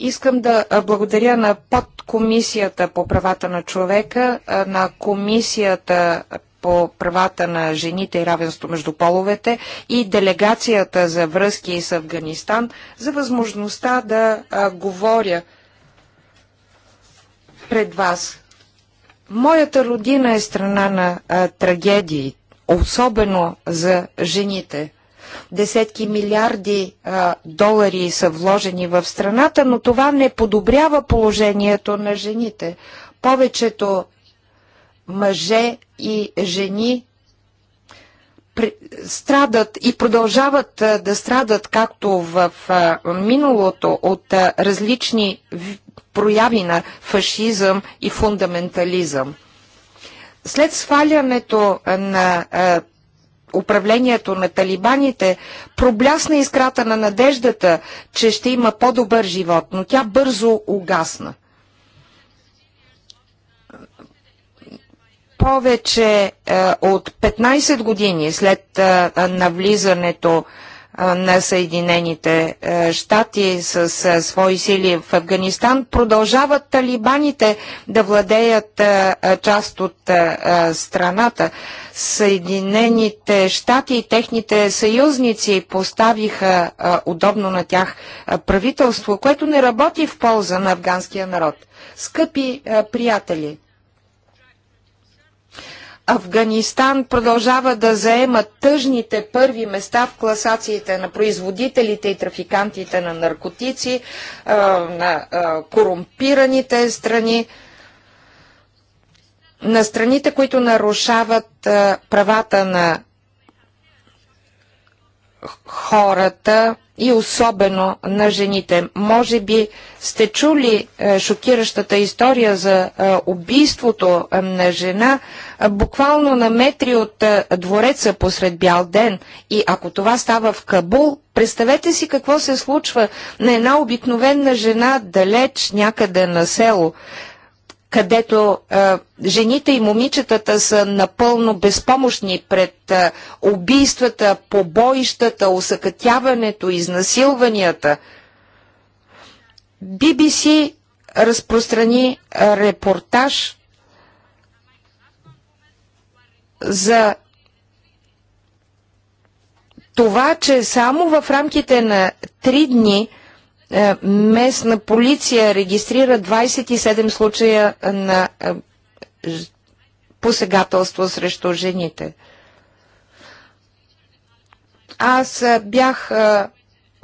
Искам да благодаря на подкомисията по правата на човека, на комисията по правата на жените и равенство между половете и делегацията за връзки с Афганистан за възможността да говоря пред вас. Моята родина е страна на трагедиите особено за жените. Десетки милиарди а, долари са вложени в страната, но това не подобрява положението на жените. Повечето мъже и жени страдат и продължават да страдат както в миналото от различни прояви на фашизъм и фундаментализъм. След свалянето на а, управлението на талибаните, проблясна искрата на надеждата, че ще има по-добър живот, но тя бързо угасна. Повече а, от 15 години след а, навлизането на Съединените е, щати с е, свои сили в Афганистан, продължават талибаните да владеят е, част от страната. Съединените щати и техните съюзници поставиха удобно на тях правителство, което не работи в полза на афганския народ. Скъпи приятели, Афганистан продължава да заема тъжните първи места в класациите на производителите и трафикантите на наркотици, на корумпираните страни, на страните, които нарушават правата на хората и особено на жените. Може би сте чули е, шокиращата история за е, убийството е, на жена буквално на метри от двореца посред бял ден. И ако това става в Кабул, представете си какво се случва на една обикновена жена далеч някъде на село където а, е, жените и момичетата са напълно безпомощни пред а, е, убийствата, побоищата, усъкътяването, изнасилванията. BBC разпространи а, репортаж за това, че само в рамките на три дни е, местна полиция регистрира 27 случая на е, посегателство срещу жените. Аз е, бях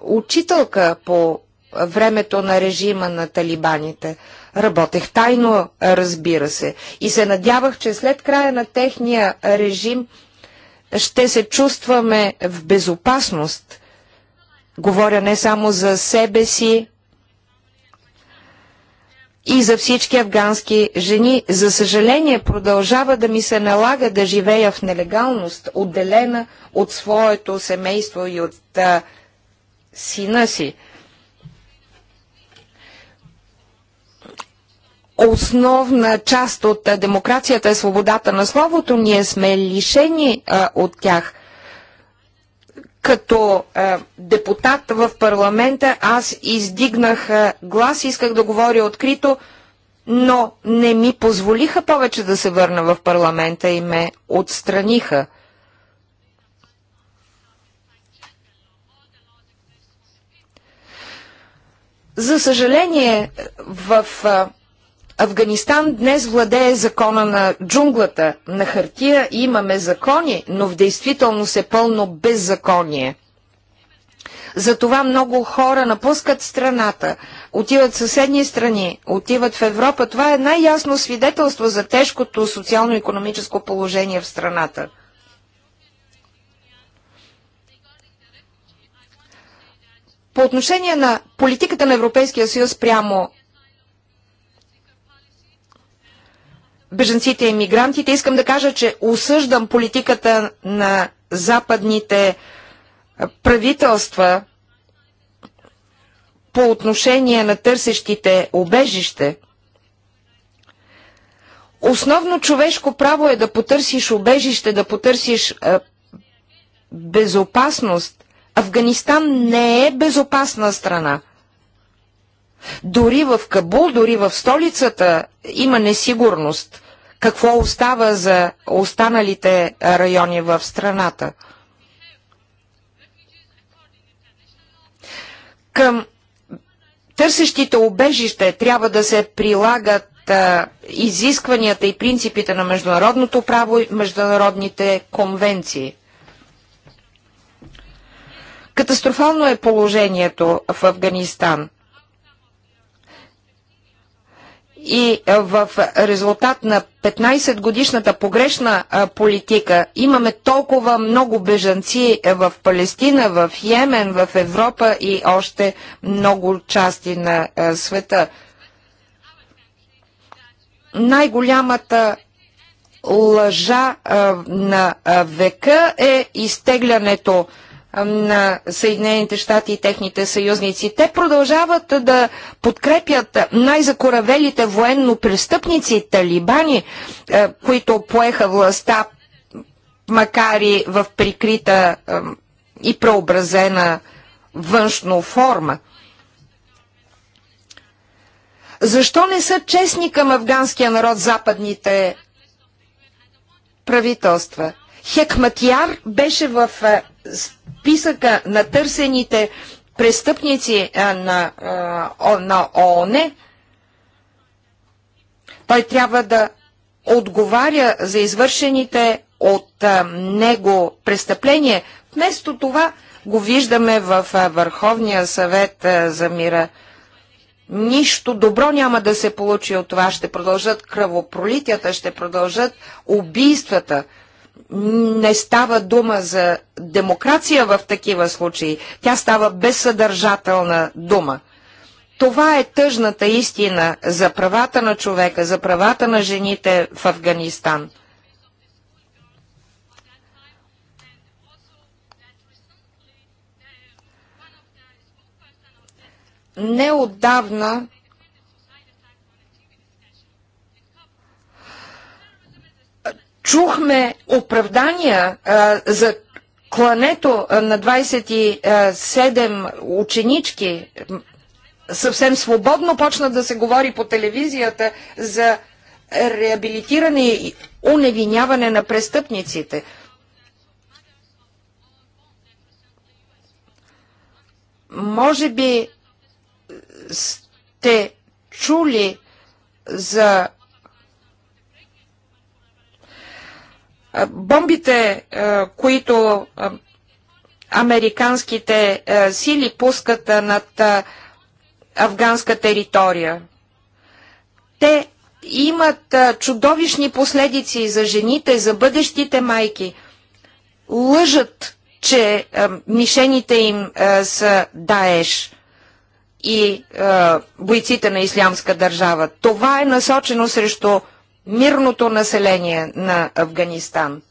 учителка по времето на режима на талибаните. Работех тайно, разбира се, и се надявах, че след края на техния режим ще се чувстваме в безопасност – Говоря не само за себе си и за всички афгански жени. За съжаление продължава да ми се налага да живея в нелегалност, отделена от своето семейство и от а, сина си. основна част от демокрацията е свободата на словото, ние сме лишени а, от тях като е, депутат в парламента аз издигнах е, глас, исках да говоря открито, но не ми позволиха повече да се върна в парламента и ме отстраниха. За съжаление, в е, Афганистан днес владее закона на джунглата. На хартия имаме закони, но в действителност е пълно беззаконие. Затова много хора напускат страната, отиват в съседни страни, отиват в Европа. Това е най-ясно свидетелство за тежкото социално-економическо положение в страната. По отношение на политиката на Европейския съюз прямо беженците и мигрантите, искам да кажа, че осъждам политиката на западните правителства по отношение на търсещите обежище. Основно човешко право е да потърсиш обежище, да потърсиш е, безопасност. Афганистан не е безопасна страна. Дори в Кабул, дори в столицата има несигурност какво остава за останалите райони в страната. Към търсещите обежище трябва да се прилагат изискванията и принципите на международното право и международните конвенции. Катастрофално е положението в Афганистан. И в резултат на 15-годишната погрешна политика имаме толкова много бежанци е, в Палестина, в Йемен, в Европа и още много части на света. Най-голямата лъжа на века е изтеглянето на Съединените щати и техните съюзници. Те продължават да подкрепят най-закоравелите военно престъпници, талибани, е, които поеха властта, макар и в прикрита и преобразена външно форма. Защо не са честни към афганския народ западните правителства? Хекматияр беше в е, списъка на търсените престъпници на, на ООН, той трябва да отговаря за извършените от него престъпления. Вместо това го виждаме в Върховния съвет за мира. Нищо добро няма да се получи от това. Ще продължат кръвопролитията, ще продължат убийствата не става дума за демокрация в такива случаи. Тя става безсъдържателна дума. Това е тъжната истина за правата на човека, за правата на жените в Афганистан. Неотдавна Чухме оправдания а, за клането на 27 ученички. Съвсем свободно почна да се говори по телевизията за реабилитиране и уневиняване на престъпниците. Може би сте чули за Бомбите, които американските сили пускат над афганска територия, те имат чудовищни последици за жените, за бъдещите майки. Лъжат, че мишените им са Даеш и бойците на Ислямска държава. Това е насочено срещу мирното население на Афганистан,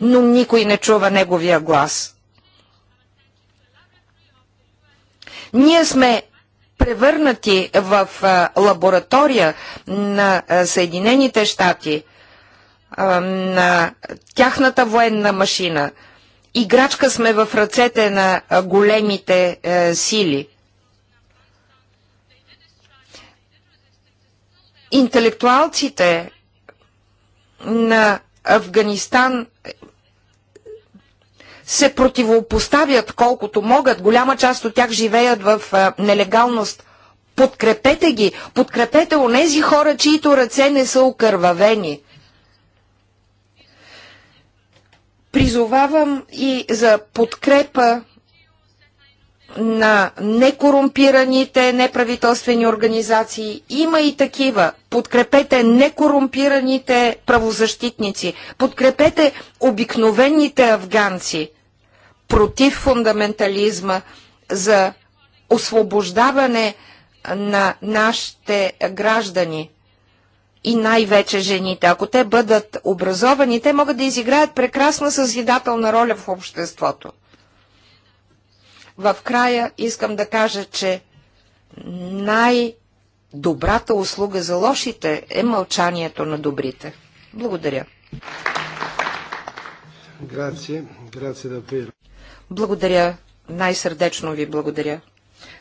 но никой не чува неговия глас. Ние сме превърнати в лаборатория на Съединените щати, на тяхната военна машина. Играчка сме в ръцете на големите е, сили – интелектуалците на Афганистан се противопоставят колкото могат. Голяма част от тях живеят в нелегалност. Подкрепете ги, подкрепете онези хора, чието ръце не са окървавени. Призовавам и за подкрепа на некорумпираните неправителствени организации. Има и такива. Подкрепете некорумпираните правозащитници. Подкрепете обикновените афганци против фундаментализма за освобождаване на нашите граждани и най-вече жените. Ако те бъдат образовани, те могат да изиграят прекрасна съзидателна роля в обществото. В края искам да кажа, че най-добрата услуга за лошите е мълчанието на добрите. Благодаря. Благодаря, най-сърдечно ви благодаря.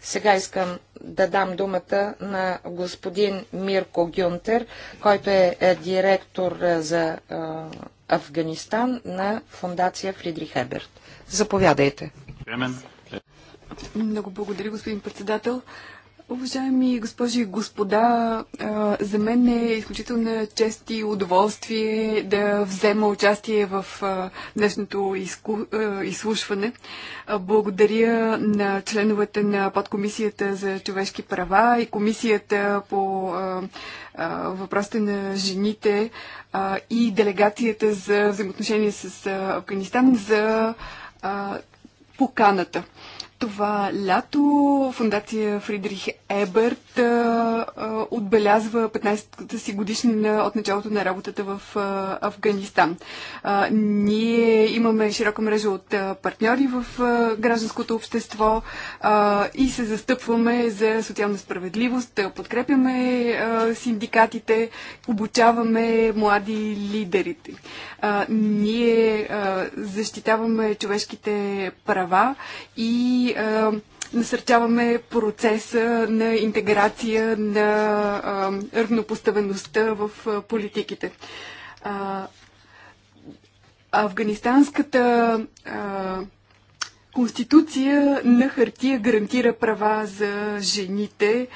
Сега искам да дам думата на господин Мирко Гюнтер, който е, е директор е, за е, Афганистан на фундация Фридрих Еберт. Заповядайте. Много благодаря, господин председател. Уважаеми госпожи и господа, за мен е изключително чест и удоволствие да взема участие в днешното изслушване. Благодаря на членовете на подкомисията за човешки права и комисията по въпросите на жените и делегацията за взаимоотношения с Афганистан за поканата. Това лято фундация Фридрих Еберт а, а, отбелязва 15-та си годишнина от началото на работата в а, Афганистан. А, ние имаме широка мрежа от а, партньори в а, гражданското общество а, и се застъпваме за социална справедливост, подкрепяме а, синдикатите, обучаваме млади лидерите. А, ние а, защитаваме човешките права и а, е, насърчаваме процеса на интеграция на а, е, равнопоставеността в а, е, политиките. А, афганистанската а, Конституция на хартия гарантира права за жените.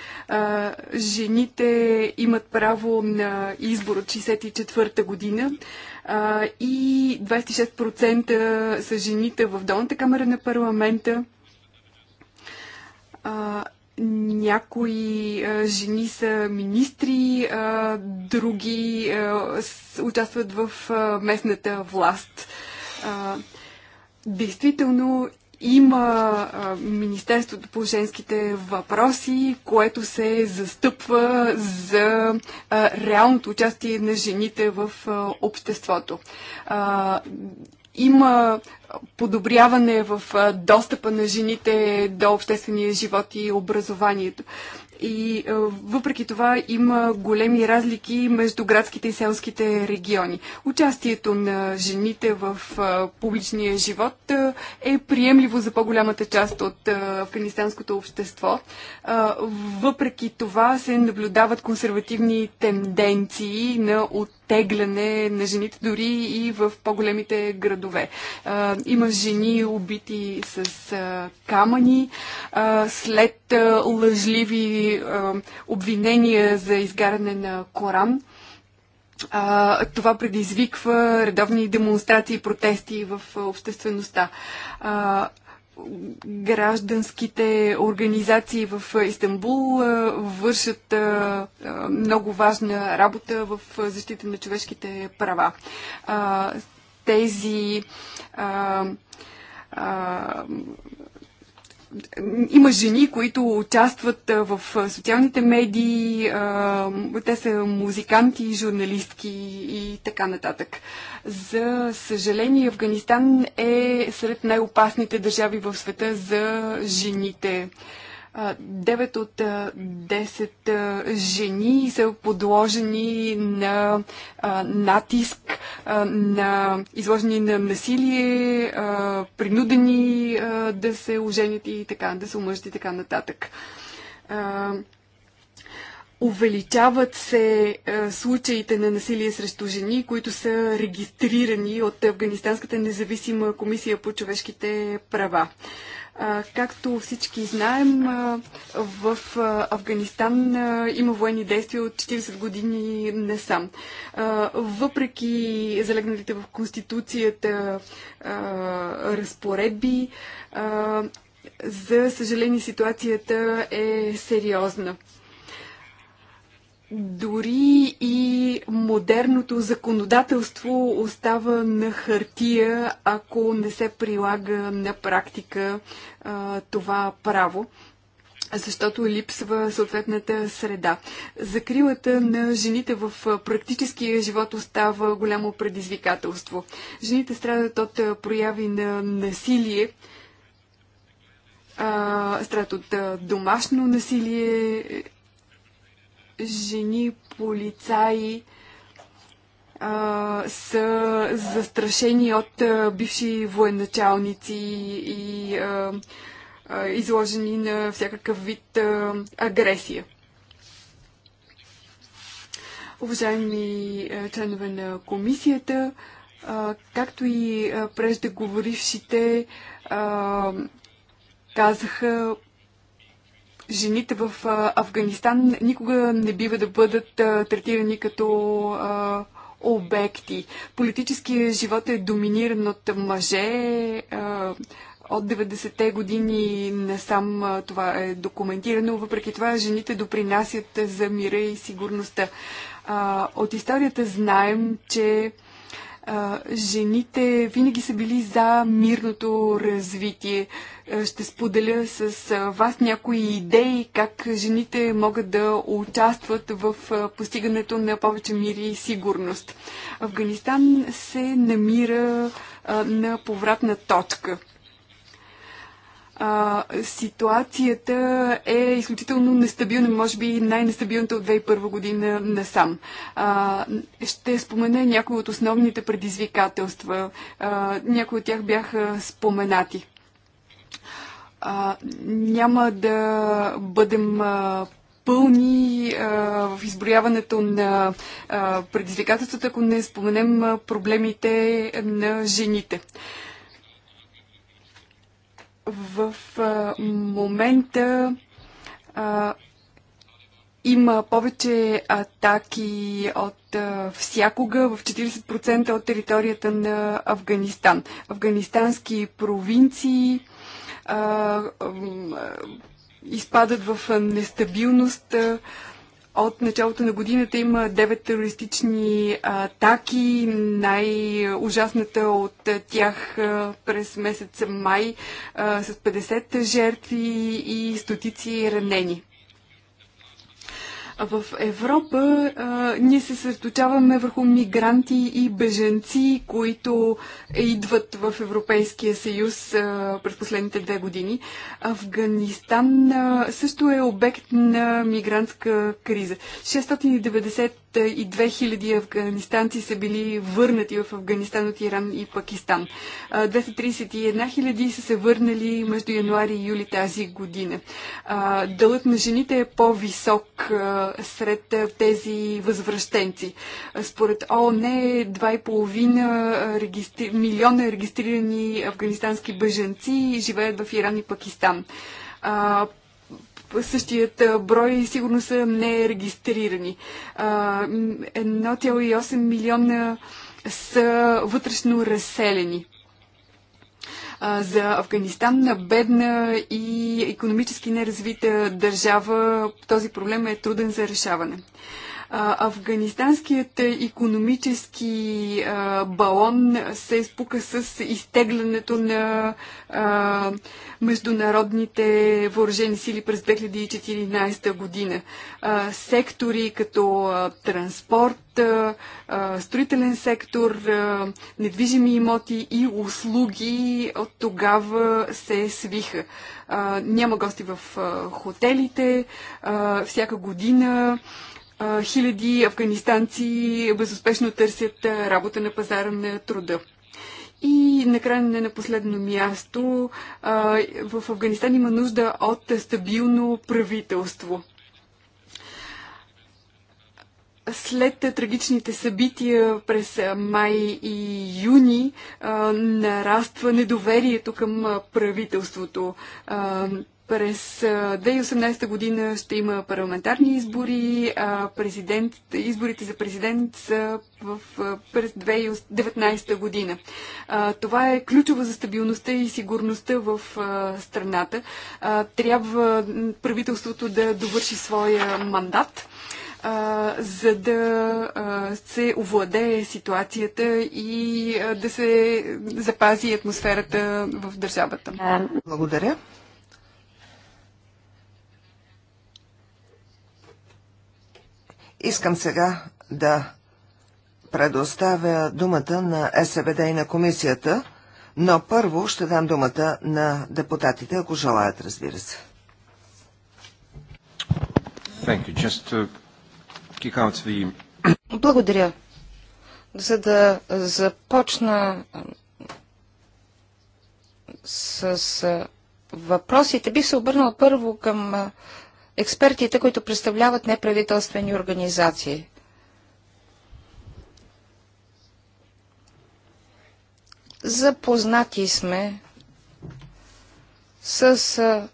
жените имат право на избор от 1964 година и 26% са жените в долната камера на парламента някои а, жени са министри, а, други а, с, участват в а, местната власт. А, действително има а, Министерството по женските въпроси, което се застъпва за а, реалното участие на жените в а, обществото. А, има подобряване в достъпа на жените до обществения живот и образованието. И въпреки това има големи разлики между градските и селските региони. Участието на жените в публичния живот е приемливо за по-голямата част от афганистанското общество. Въпреки това се наблюдават консервативни тенденции на от теглене на жените дори и в по-големите градове. А, има жени убити с а, камъни, а, след а, лъжливи а, обвинения за изгаряне на Коран. А, това предизвиква редовни демонстрации и протести в обществеността. А, гражданските организации в Истанбул вършат много важна работа в защита на човешките права. Тези има жени, които участват в социалните медии, те са музиканти, журналистки и така нататък. За съжаление, Афганистан е сред най-опасните държави в света за жените. Девет от 10 жени са подложени на натиск, на изложени на насилие, принудени да се оженят и така, да се омъжат и така нататък. Увеличават се случаите на насилие срещу жени, които са регистрирани от Афганистанската независима комисия по човешките права. Както всички знаем, в Афганистан има военни действия от 40 години не сам. Въпреки залегналите в Конституцията разпоредби, за съжаление ситуацията е сериозна. Дори и модерното законодателство остава на хартия, ако не се прилага на практика а, това право защото липсва съответната среда. Закрилата на жените в практическия живот остава голямо предизвикателство. Жените страдат от прояви на насилие, страдат от домашно насилие, жени полицаи а, са застрашени от а, бивши военачалници и а, а, изложени на всякакъв вид а, агресия. Уважаеми а, членове на комисията, а, както и преждеговорившите, казаха, жените в Афганистан никога не бива да бъдат третирани като обекти. Политическият живот е доминиран от мъже. От 90-те години насам това е документирано. Въпреки това, жените допринасят за мира и сигурността. От историята знаем, че жените винаги са били за мирното развитие. Ще споделя с вас някои идеи как жените могат да участват в постигането на повече мир и сигурност. Афганистан се намира на повратна точка а, ситуацията е изключително нестабилна, може би най-нестабилната от 2001 година насам. А, ще спомена някои от основните предизвикателства. А, някои от тях бяха споменати. А, няма да бъдем а, пълни а, в изброяването на а, предизвикателствата, ако не споменем а, проблемите на жените. А, в момента има повече атаки от а, всякога в 40% от територията на Афганистан. Афганистански провинции а, а, изпадат в нестабилност. А, от началото на годината има 9 терористични атаки. Най-ужасната от тях през месец май с 50 жертви и стотици ранени. В Европа а, ние се съсредоточаваме върху мигранти и беженци, които идват в Европейския съюз а, през последните две години. Афганистан а, също е обект на мигрантска криза. 690 и 2000 афганистанци са били върнати в Афганистан от Иран и Пакистан. 231 хиляди са се върнали между януари и юли тази година. Дълът на жените е по-висок сред тези възвръщенци. Според ООН 2,5 е милиона регистрирани афганистански бъженци живеят в Иран и Пакистан същият брой сигурно са нерегистрирани. 1,8 милиона са вътрешно разселени. За Афганистан, на бедна и економически неразвита държава, този проблем е труден за решаване. Афганистанският економически балон се изпука с изтеглянето на международните въоръжени сили през 2014 година. Сектори като транспорт, строителен сектор, недвижими имоти и услуги от тогава се свиха. Няма гости в хотелите. Всяка година хиляди афганистанци безуспешно търсят работа на пазара на труда. И накрая не на последно място, в Афганистан има нужда от стабилно правителство. След трагичните събития през май и юни нараства недоверието към правителството. През 2018 година ще има парламентарни избори, а президент, изборите за президент са в, през 2019 година. А, това е ключово за стабилността и сигурността в а, страната. А, трябва правителството да довърши своя мандат а, за да а, се овладее ситуацията и а, да се запази атмосферата в държавата. Благодаря. Искам сега да предоставя думата на СВД и на комисията, но първо ще дам думата на депутатите, ако желаят, разбира се. Благодаря. За да започна с въпросите, бих се обърнал първо към експертите, които представляват неправителствени организации. Запознати сме с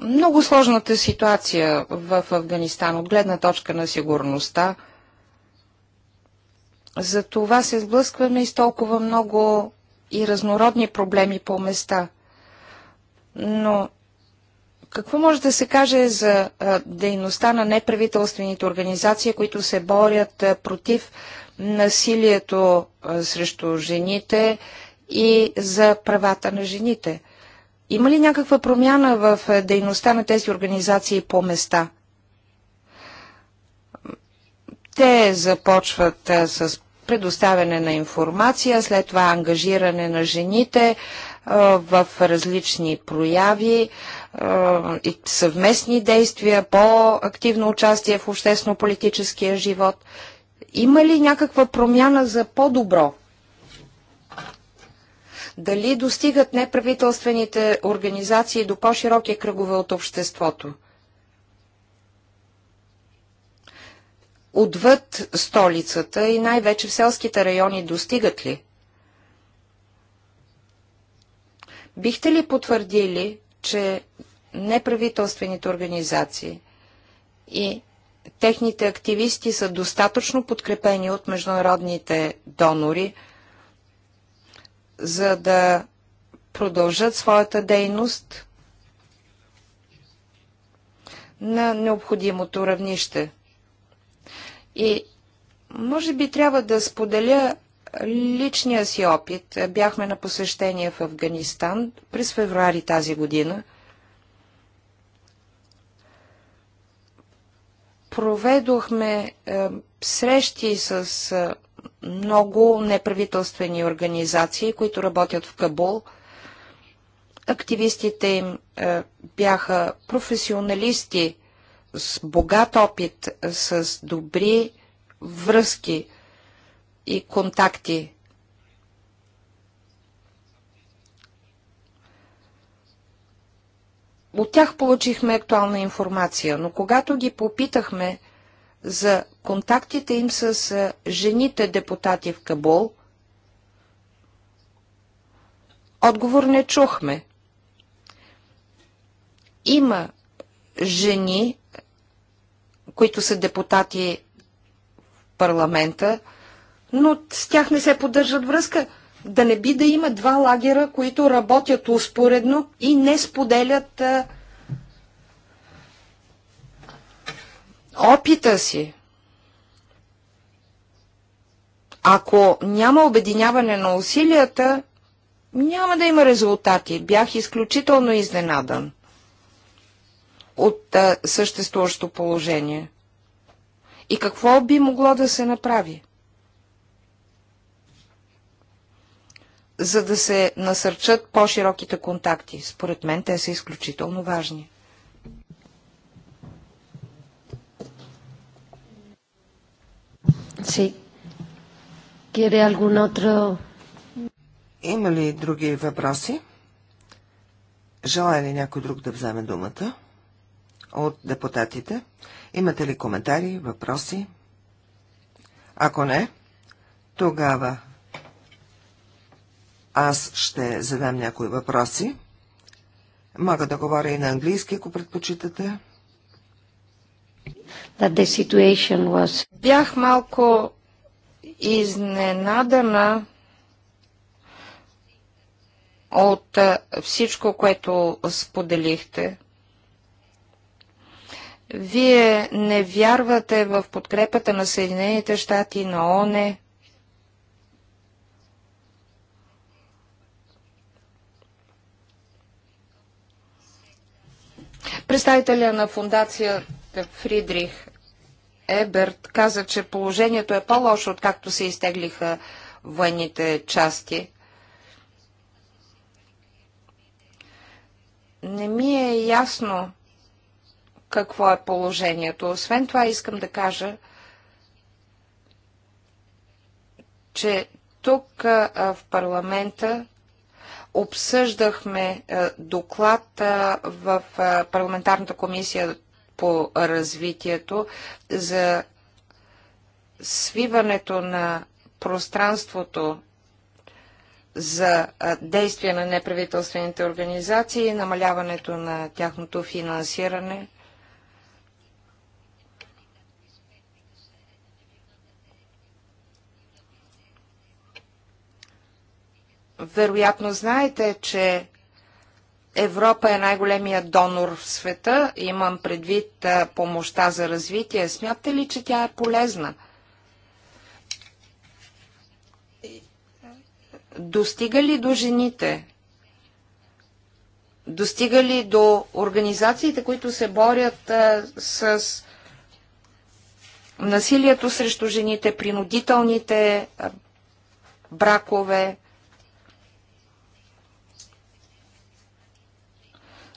много сложната ситуация в Афганистан от гледна точка на сигурността. За това се сблъскваме и с толкова много и разнородни проблеми по места. Но какво може да се каже за дейността на неправителствените организации, които се борят против насилието срещу жените и за правата на жените? Има ли някаква промяна в дейността на тези организации по места? Те започват с предоставяне на информация, след това ангажиране на жените в различни прояви, и съвместни действия, по-активно участие в обществено-политическия живот. Има ли някаква промяна за по-добро? Дали достигат неправителствените организации до по-широки кръгове от обществото? Отвъд столицата и най-вече в селските райони достигат ли? Бихте ли потвърдили, че неправителствените организации и техните активисти са достатъчно подкрепени от международните донори, за да продължат своята дейност на необходимото равнище. И може би трябва да споделя личния си опит. Бяхме на посещение в Афганистан през февруари тази година. Проведохме е, срещи с е, много неправителствени организации, които работят в Кабул. Активистите им е, бяха професионалисти с богат опит, с добри връзки и контакти. От тях получихме актуална информация, но когато ги попитахме за контактите им с жените депутати в Кабул, отговор не чухме. Има жени, които са депутати в парламента, но с тях не се поддържат връзка. Да не би да има два лагера, които работят успоредно и не споделят а, опита си. Ако няма обединяване на усилията, няма да има резултати. Бях изключително изненадан от а, съществуващо положение. И какво би могло да се направи? за да се насърчат по-широките контакти. Според мен те са изключително важни. Sí. otro? Има ли други въпроси? Желая ли някой друг да вземе думата? От депутатите? Имате ли коментари, въпроси? Ако не, тогава аз ще задам някои въпроси. Мога да говоря и на английски, ако предпочитате. Was... Бях малко изненадана от всичко, което споделихте. Вие не вярвате в подкрепата на Съединените щати, на ОНЕ, Представителя на фундацията Фридрих Еберт каза, че положението е по-лошо, откакто се изтеглиха военните части. Не ми е ясно какво е положението. Освен това искам да кажа, че тук в парламента обсъждахме е, доклад е, в е, парламентарната комисия по развитието за свиването на пространството за действие на неправителствените организации и намаляването на тяхното финансиране Вероятно знаете, че Европа е най-големия донор в света. Имам предвид помощта за развитие. Смятате ли, че тя е полезна? Достига ли до жените? Достига ли до организациите, които се борят а, с насилието срещу жените, принудителните а, бракове?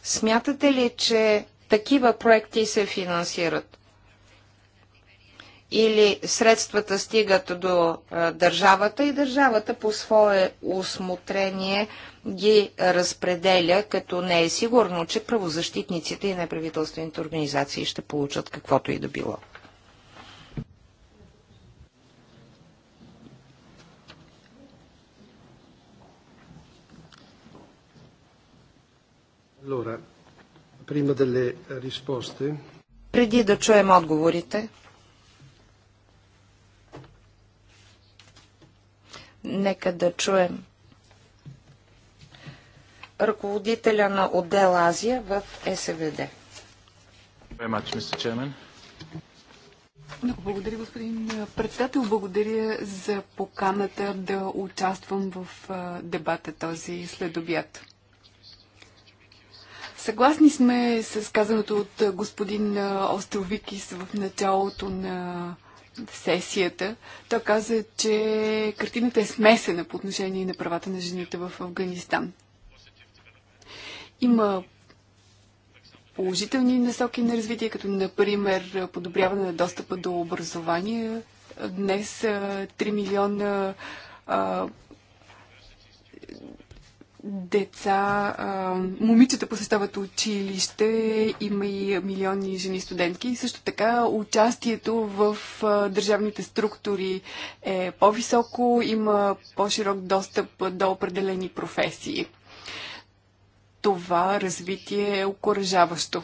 Смятате ли, че такива проекти се финансират? Или средствата стигат до а, държавата и държавата по свое усмотрение ги разпределя, като не е сигурно, че правозащитниците и неправителствените организации ще получат каквото и да било. Allora, prima delle risposte. Преди да чуем отговорите, нека да чуем ръководителя на отдел Азия в СВД. Много благодаря, господин председател. Благодаря за поканата да участвам в дебата този следобият. Съгласни сме с казаното от господин Островикис в началото на сесията. Той каза, че картината е смесена по отношение на правата на жените в Афганистан. Има положителни насоки на развитие, като например подобряване на достъпа до образование. Днес 3 милиона деца, момичета посещават училище, има и милиони жени студентки. И също така участието в държавните структури е по-високо, има по-широк достъп до определени професии. Това развитие е окоръжаващо.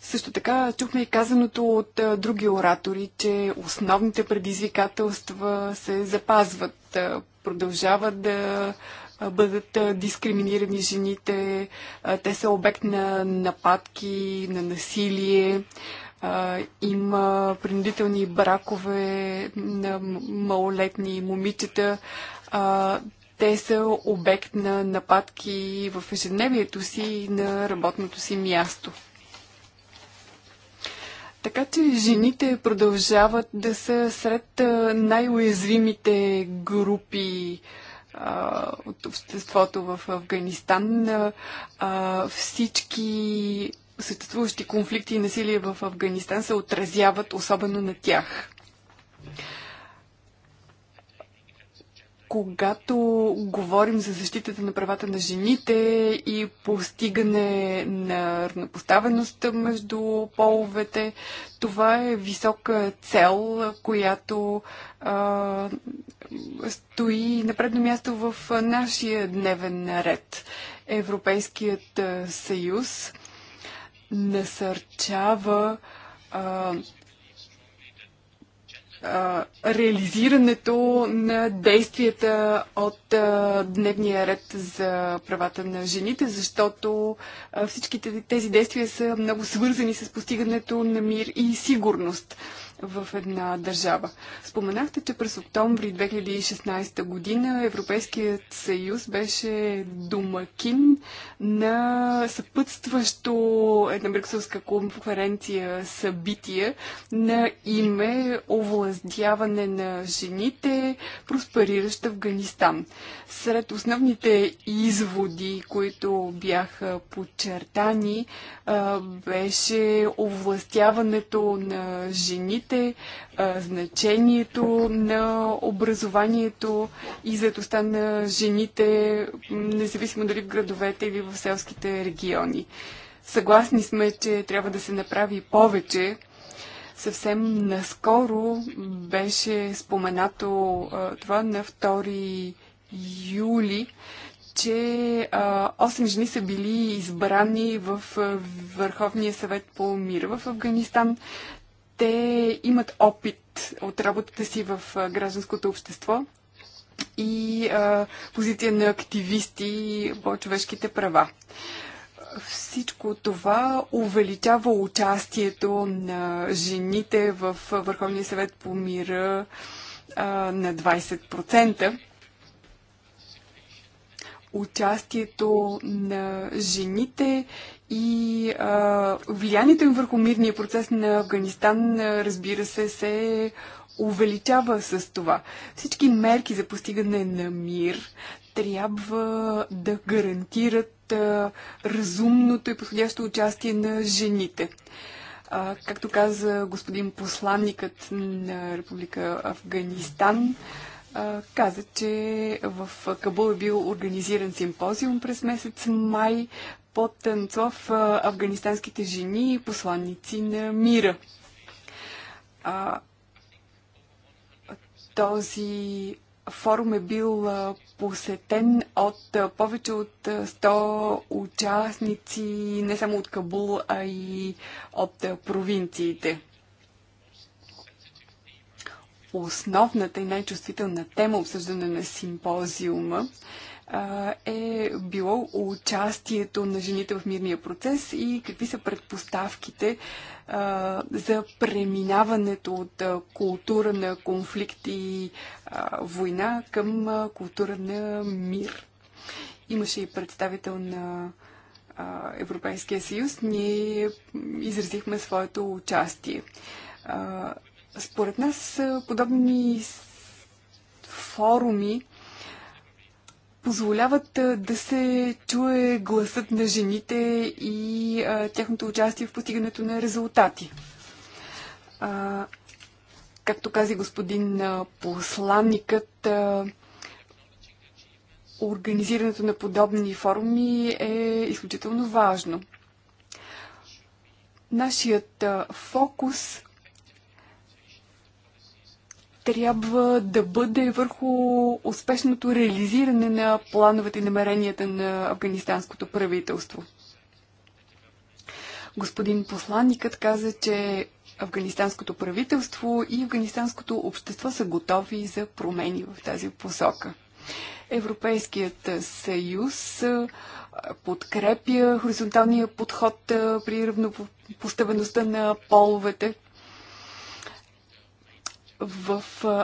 Също така чухме и казаното от а, други оратори, че основните предизвикателства се запазват, а, продължават да бъдат дискриминирани жените, те са обект на нападки, на насилие, има принудителни бракове на малолетни момичета. Те са обект на нападки в ежедневието си и на работното си място. Така че жените продължават да са сред най-уязвимите групи от обществото в Афганистан. Всички съществуващи конфликти и насилие в Афганистан се отразяват особено на тях. когато говорим за защитата на правата на жените и постигане на равнопоставеност между половете, това е висока цел, която а, стои на предно място в нашия дневен ред. Европейският съюз насърчава реализирането на действията от а, дневния ред за правата на жените, защото а, всичките тези действия са много свързани с постигането на мир и сигурност в една държава. Споменахте, че през октомври 2016 година Европейският съюз беше домакин на съпътстващо една брюкселска конференция събития на име овластяване на жените, проспериращ Афганистан. Сред основните изводи, които бяха подчертани, беше овластяването на жените жените, значението на образованието и заедостта на жените, независимо дали в градовете или в селските региони. Съгласни сме, че трябва да се направи повече. Съвсем наскоро беше споменато това на 2 юли, че 8 жени са били избрани в Върховния съвет по мир в Афганистан те имат опит от работата си в гражданското общество и а, позиция на активисти по човешките права. Всичко това увеличава участието на жените в Върховния съвет по мира а, на 20% участието на жените и а, влиянието им върху мирния процес на Афганистан, разбира се, се увеличава с това. Всички мерки за постигане на мир трябва да гарантират а, разумното и подходящо участие на жените. А, както каза господин посланникът на Република Афганистан, каза, че в Кабул е бил организиран симпозиум през месец май под Танцов афганистанските жени и посланници на мира. А, този форум е бил посетен от повече от 100 участници, не само от Кабул, а и от провинциите основната и най-чувствителна тема, обсъждана на симпозиума, е било участието на жените в мирния процес и какви са предпоставките за преминаването от култура на конфликт и война към култура на мир. Имаше и представител на Европейския съюз. Ние изразихме своето участие. Според нас подобни форуми позволяват да се чуе гласът на жените и а, тяхното участие в постигането на резултати. А, както каза господин посланникът, а, организирането на подобни форуми е изключително важно. Нашият фокус трябва да бъде върху успешното реализиране на плановете и намеренията на афганистанското правителство. Господин посланникът каза, че афганистанското правителство и афганистанското общество са готови за промени в тази посока. Европейският съюз подкрепя хоризонталния подход при равнопоставеността на половете в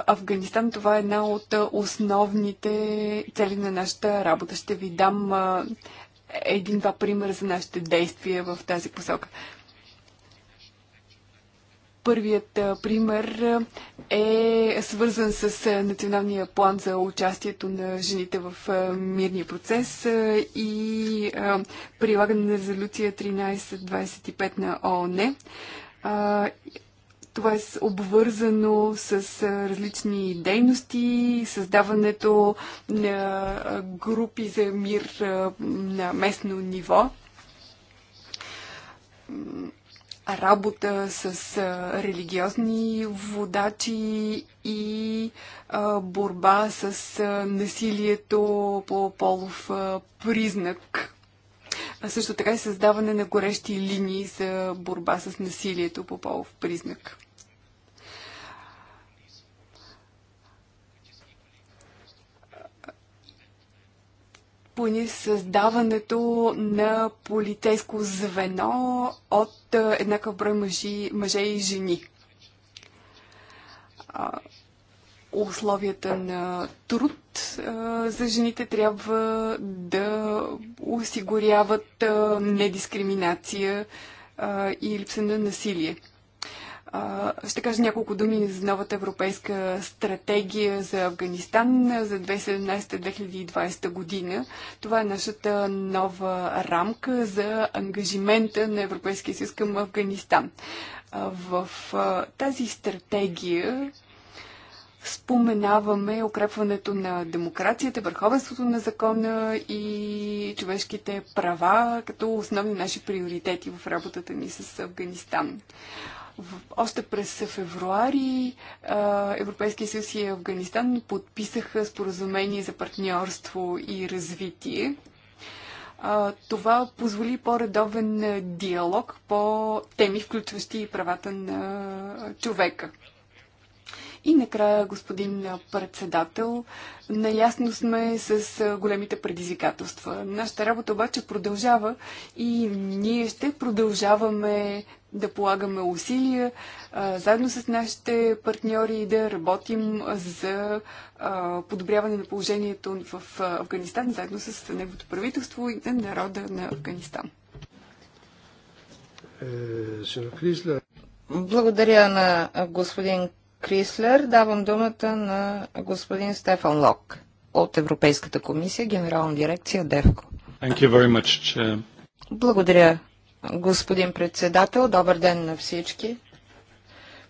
Афганистан това е една от основните цели на нашата работа. Ще ви дам един-два примера за нашите действия в тази посока. Първият пример е свързан с националния план за участието на жените в мирния процес и прилагане на резолюция 1325 на ООН това е обвързано с различни дейности, създаването на групи за мир на местно ниво, работа с религиозни водачи и борба с насилието по полов признак а също така и създаване на горещи линии за борба с насилието по полов признак. създаването на полицейско звено от еднакъв брой мъжи, мъже и жени условията на труд за жените трябва да осигуряват недискриминация и липса на насилие. Ще кажа няколко думи за новата европейска стратегия за Афганистан за 2017-2020 година. Това е нашата нова рамка за ангажимента на Европейския съюз към Афганистан. В тази стратегия споменаваме укрепването на демокрацията, върховенството на закона и човешките права като основни наши приоритети в работата ни с Афганистан. Още през февруари Европейския съюз и Афганистан подписаха споразумение за партньорство и развитие. Това позволи по-редовен диалог по теми, включващи правата на човека. И накрая, господин председател, наясно сме с големите предизвикателства. Нашата работа обаче продължава и ние ще продължаваме да полагаме усилия а, заедно с нашите партньори и да работим за а, подобряване на положението в Афганистан, заедно с неговото правителство и на народа на Афганистан. Е, Благодаря на господин Крислер. Давам думата на господин Стефан Лок от Европейската комисия, генерална дирекция ДЕВКО. Much, Благодаря, господин председател. Добър ден на всички.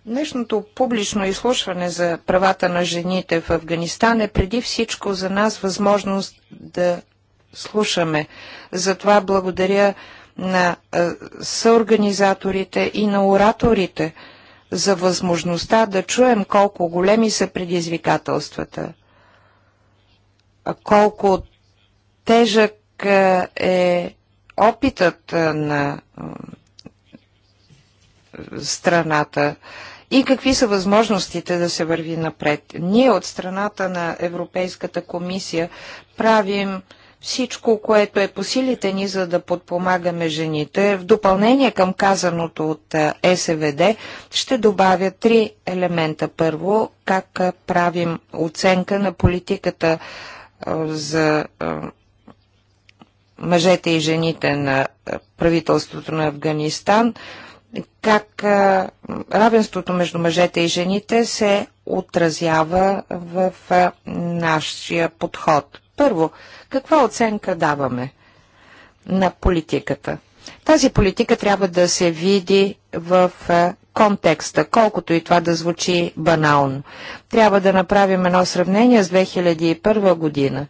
Днешното публично изслушване за правата на жените в Афганистан е преди всичко за нас възможност да слушаме. Затова благодаря на съорганизаторите и на ораторите – за възможността да чуем колко големи са предизвикателствата, колко тежък е, е опитът е, на е, страната и какви са възможностите да се върви напред. Ние от страната на Европейската комисия правим всичко, което е по силите ни, за да подпомагаме жените. В допълнение към казаното от СВД ще добавя три елемента. Първо, как правим оценка на политиката за мъжете и жените на правителството на Афганистан, как равенството между мъжете и жените се отразява в нашия подход първо, каква оценка даваме на политиката? Тази политика трябва да се види в е, контекста, колкото и това да звучи банално. Трябва да направим едно сравнение с 2001 година.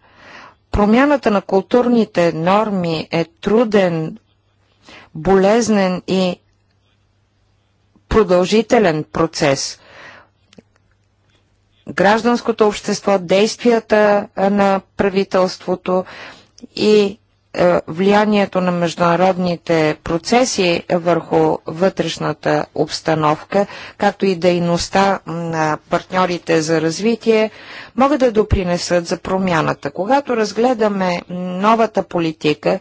Промяната на културните норми е труден, болезнен и продължителен процес гражданското общество, действията на правителството и е, влиянието на международните процеси върху вътрешната обстановка, както и дейността на партньорите за развитие, могат да допринесат за промяната. Когато разгледаме новата политика,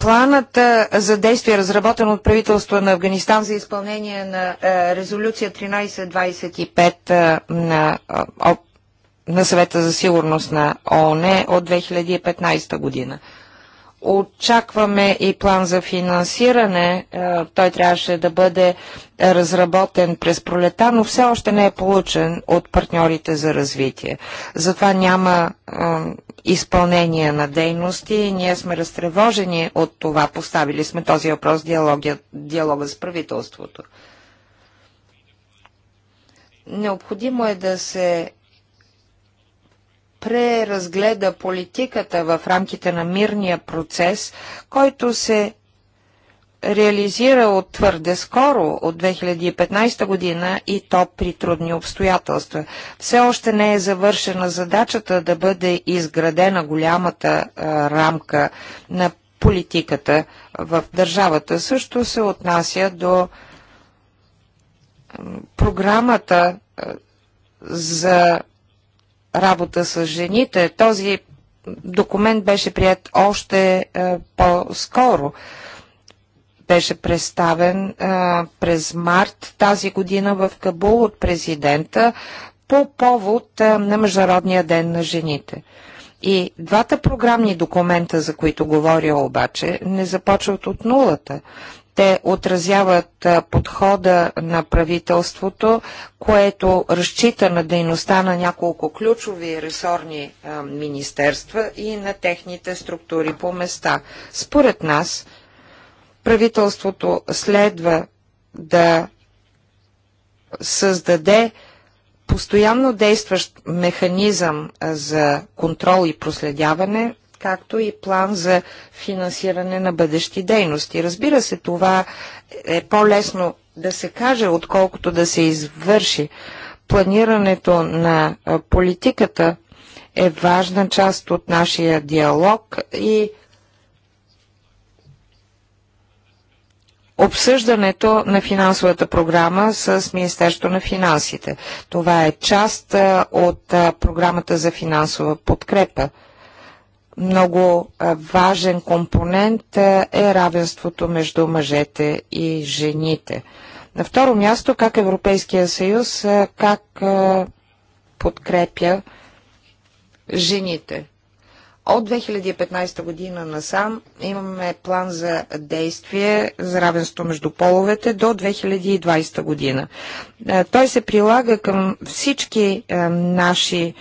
Планът за действие, разработен от правителство на Афганистан за изпълнение на резолюция 1325 на, на съвета за сигурност на ООН е от 2015 година. Очакваме и план за финансиране. Е, той трябваше да бъде разработен през пролета, но все още не е получен от партньорите за развитие. Затова няма е, изпълнение на дейности и ние сме разтревожени от това. Поставили сме този въпрос диалога, диалога с правителството. Необходимо е да се преразгледа политиката в рамките на мирния процес, който се реализира от твърде скоро, от 2015 година и то при трудни обстоятелства. Все още не е завършена задачата да бъде изградена голямата а, рамка на политиката в държавата. Също се отнася до програмата за работа с жените. Този документ беше прият още е, по-скоро. Беше представен е, през март тази година в Кабул от президента по повод е, на Международния ден на жените. И двата програмни документа, за които говоря обаче, не започват от нулата. Те отразяват подхода на правителството, което разчита на дейността на няколко ключови ресорни министерства и на техните структури по места. Според нас, правителството следва да създаде постоянно действащ механизъм за контрол и проследяване както и план за финансиране на бъдещи дейности. Разбира се, това е по-лесно да се каже, отколкото да се извърши. Планирането на политиката е важна част от нашия диалог и обсъждането на финансовата програма с Министерство на финансите. Това е част от програмата за финансова подкрепа много важен компонент е равенството между мъжете и жените. На второ място, как Европейския съюз, как подкрепя жените. От 2015 година насам имаме план за действие за равенство между половете до 2020 година. Той се прилага към всички наши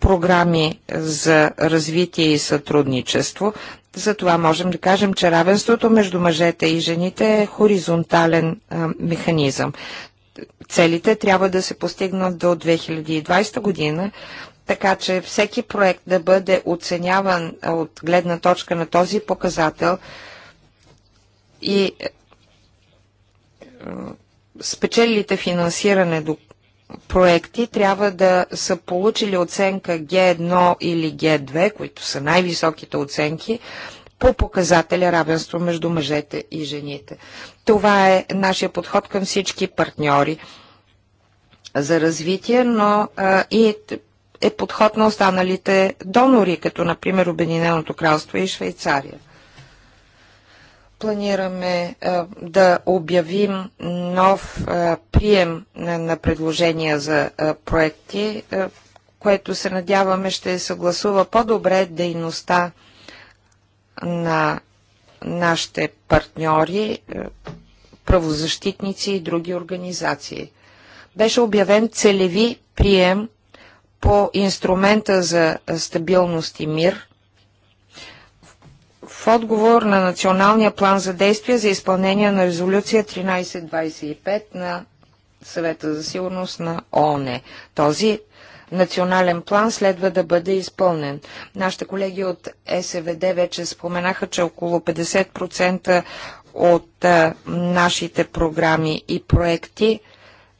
програми за развитие и сътрудничество. Затова можем да кажем, че равенството между мъжете и жените е хоризонтален а, механизъм. Целите трябва да се постигнат до 2020 година, така че всеки проект да бъде оценяван от гледна точка на този показател и спечелите финансиране до проекти трябва да са получили оценка Г1 или Г2, които са най-високите оценки, по показателя равенство между мъжете и жените. Това е нашия подход към всички партньори за развитие, но а, и е подход на останалите донори, като например Обединеното кралство и Швейцария планираме а, да обявим нов а, прием на, на предложения за а, проекти, а, което се надяваме ще съгласува по-добре дейността на нашите партньори, правозащитници и други организации. Беше обявен целеви прием по инструмента за стабилност и мир – отговор на Националния план за действие за изпълнение на резолюция 1325 на Съвета за сигурност на ООН. Този национален план следва да бъде изпълнен. Нашите колеги от СВД вече споменаха, че около 50% от а, нашите програми и проекти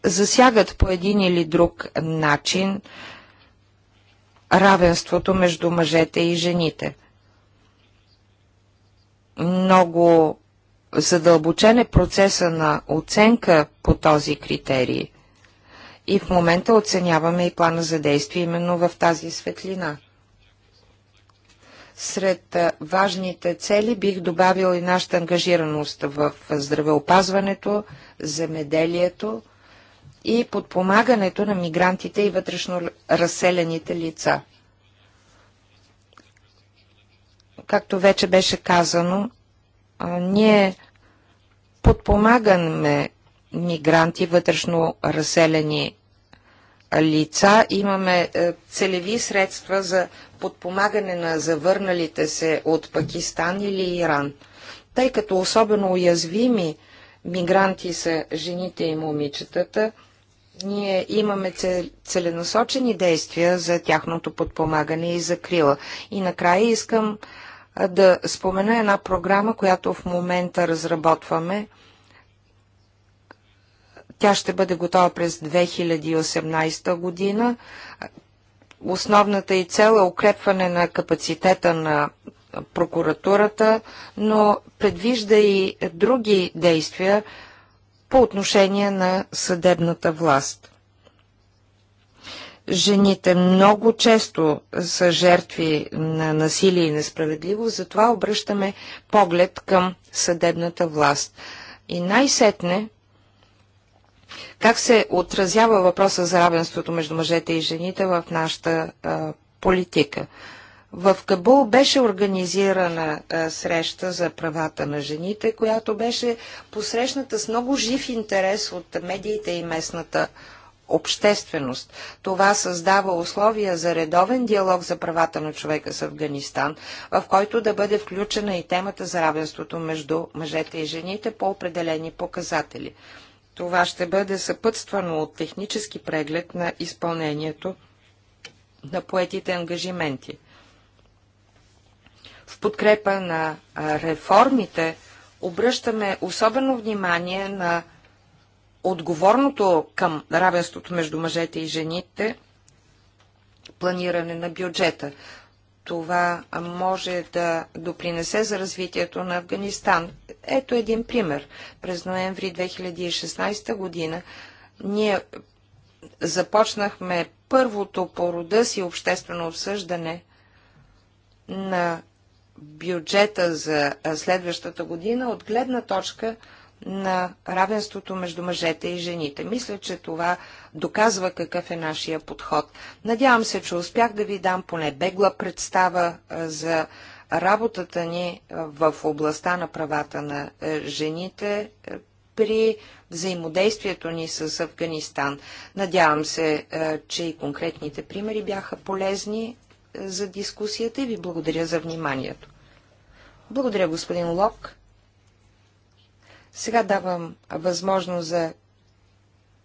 засягат по един или друг начин равенството между мъжете и жените много задълбочен е процеса на оценка по този критерий. И в момента оценяваме и плана за действие именно в тази светлина. Сред важните цели бих добавил и нашата ангажираност в здравеопазването, земеделието и подпомагането на мигрантите и вътрешно разселените лица. както вече беше казано, ние подпомагаме мигранти, вътрешно разселени лица. Имаме е, целеви средства за подпомагане на завърналите се от Пакистан или Иран. Тъй като особено уязвими мигранти са жените и момичетата, ние имаме целенасочени действия за тяхното подпомагане и закрила. И накрая искам да спомена една програма, която в момента разработваме. Тя ще бъде готова през 2018 година. Основната и цел е укрепване на капацитета на прокуратурата, но предвижда и други действия по отношение на съдебната власт. Жените много често са жертви на насилие и несправедливост, затова обръщаме поглед към съдебната власт. И най-сетне, как се отразява въпроса за равенството между мъжете и жените в нашата а, политика? В Кабул беше организирана а, среща за правата на жените, която беше посрещната с много жив интерес от медиите и местната общественост. Това създава условия за редовен диалог за правата на човека с Афганистан, в който да бъде включена и темата за равенството между мъжете и жените по определени показатели. Това ще бъде съпътствано от технически преглед на изпълнението на поетите ангажименти. В подкрепа на реформите обръщаме особено внимание на отговорното към равенството между мъжете и жените планиране на бюджета. Това може да допринесе за развитието на Афганистан. Ето един пример. През ноември 2016 година ние започнахме първото по рода си обществено обсъждане на бюджета за следващата година от гледна точка – на равенството между мъжете и жените. Мисля, че това доказва какъв е нашия подход. Надявам се, че успях да ви дам поне бегла представа за работата ни в областта на правата на жените при взаимодействието ни с Афганистан. Надявам се, че и конкретните примери бяха полезни за дискусията и ви благодаря за вниманието. Благодаря, господин Лок. Сега давам възможност за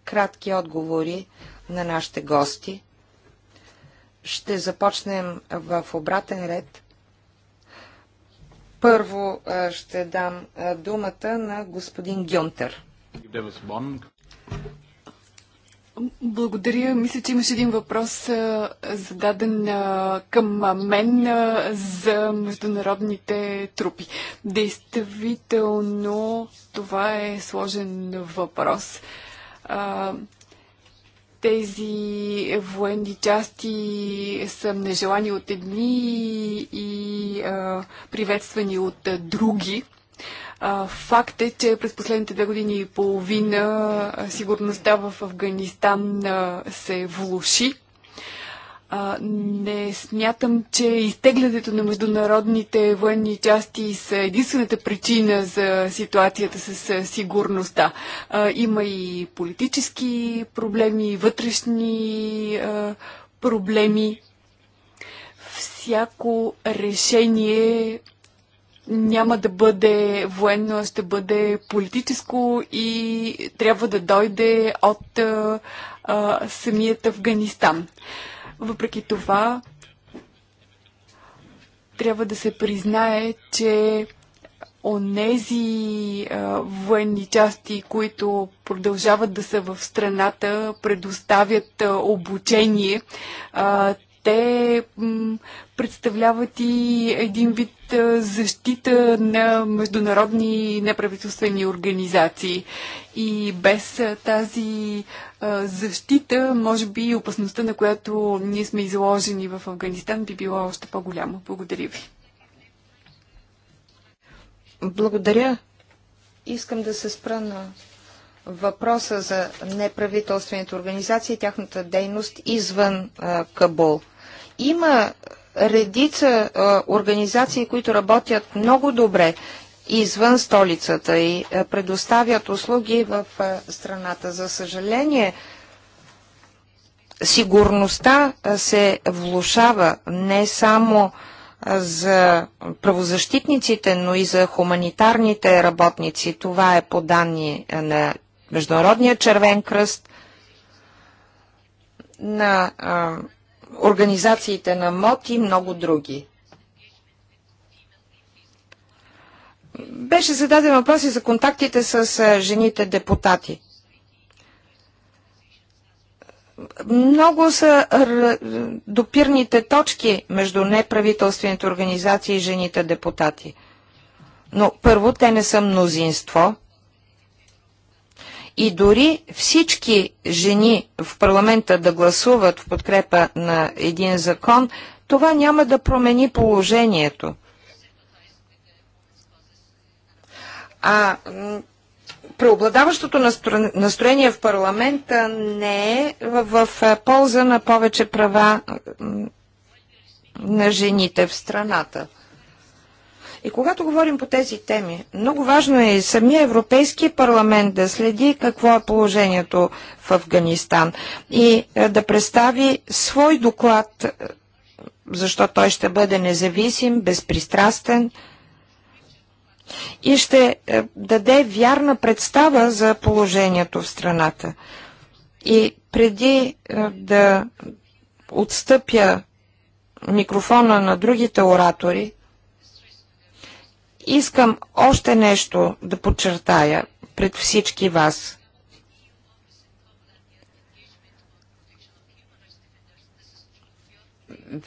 кратки отговори на нашите гости. Ще започнем в обратен ред. Първо ще дам думата на господин Гюнтер. Благодаря. Мисля, че имаш един въпрос зададен към мен за международните трупи. Действително, това е сложен въпрос. Тези военни части са нежелани от едни и приветствани от други. Факт е, че през последните две години и половина сигурността в Афганистан се влуши. Не смятам, че изтеглянето на международните военни части са единствената причина за ситуацията с сигурността. Има и политически проблеми, и вътрешни проблеми. Всяко решение няма да бъде военно, ще бъде политическо и трябва да дойде от а, а, самият Афганистан. Въпреки това, трябва да се признае, че онези а, военни части, които продължават да са в страната, предоставят а, обучение. А, те представляват и един вид защита на международни неправителствени организации. И без тази защита, може би опасността, на която ние сме изложени в Афганистан, би била още по-голяма. Благодаря ви. Благодаря. Искам да се спра на въпроса за неправителствените организации и тяхната дейност извън а, Кабул. Има редица а, организации, които работят много добре извън столицата и а, предоставят услуги в а, страната. За съжаление, сигурността се влушава не само за правозащитниците, но и за хуманитарните работници. Това е по данни на Международния червен кръст, на организациите на МОД и много други. Беше зададен въпрос и за контактите с жените депутати. Много са допирните точки между неправителствените организации и жените депутати. Но първо, те не са мнозинство. И дори всички жени в парламента да гласуват в подкрепа на един закон, това няма да промени положението. А преобладаващото настроение в парламента не е в полза на повече права на жените в страната. И когато говорим по тези теми, много важно е и самия Европейски парламент да следи какво е положението в Афганистан и е, да представи свой доклад, е, защото той ще бъде независим, безпристрастен и ще е, даде вярна представа за положението в страната. И преди да отстъпя микрофона на другите оратори, Искам още нещо да подчертая пред всички вас.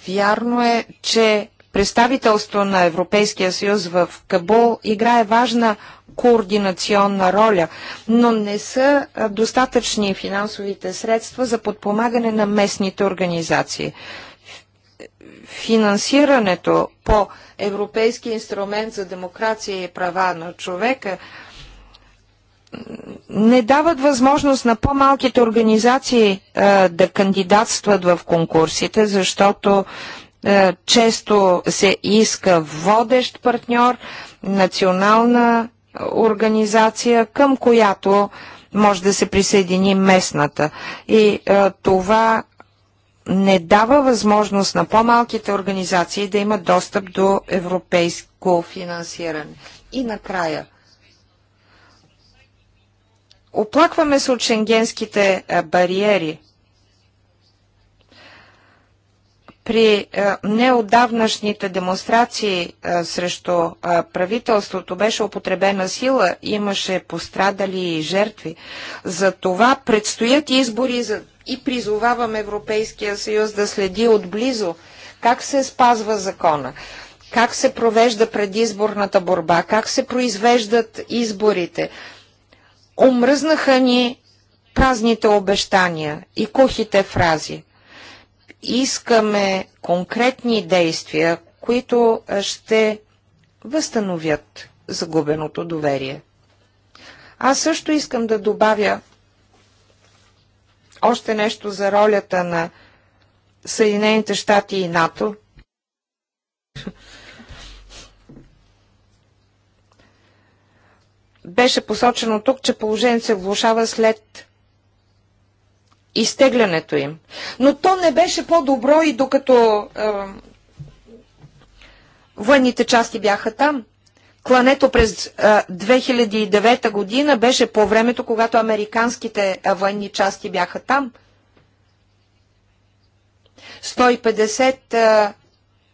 Вярно е, че представителство на Европейския съюз в Кабул играе важна координационна роля, но не са достатъчни финансовите средства за подпомагане на местните организации финансирането по Европейски инструмент за демокрация и права на човека не дават възможност на по-малките организации а, да кандидатстват в конкурсите, защото а, често се иска водещ партньор, национална организация, към която може да се присъедини местната. И а, това не дава възможност на по-малките организации да имат достъп до европейско финансиране. И накрая. Оплакваме се от шенгенските е, бариери. При е, неодавнашните демонстрации е, срещу правителството беше употребена сила, имаше пострадали и жертви. За това предстоят избори за и призовавам Европейския съюз да следи отблизо как се спазва закона, как се провежда предизборната борба, как се произвеждат изборите. Омръзнаха ни празните обещания и кухите фрази. Искаме конкретни действия, които ще възстановят загубеното доверие. Аз също искам да добавя още нещо за ролята на Съединените щати и НАТО. Беше посочено тук, че положението се влушава след изтеглянето им. Но то не беше по-добро и докато е, военните части бяха там. Клането през 2009 година беше по времето, когато американските военни части бяха там. 150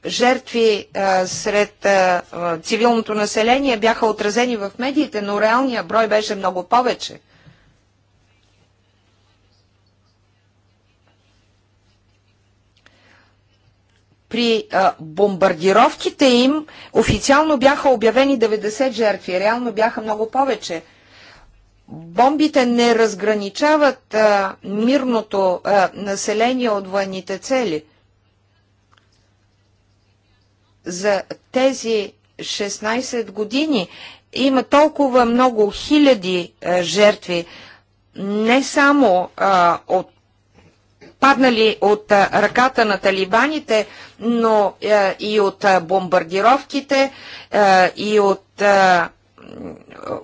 жертви сред цивилното население бяха отразени в медиите, но реалният брой беше много повече. при а, бомбардировките им официално бяха обявени 90 жертви, реално бяха много повече. Бомбите не разграничават а, мирното а, население от военните цели. За тези 16 години има толкова много хиляди а, жертви, не само а, от паднали от ръката на талибаните, но и от бомбардировките, и от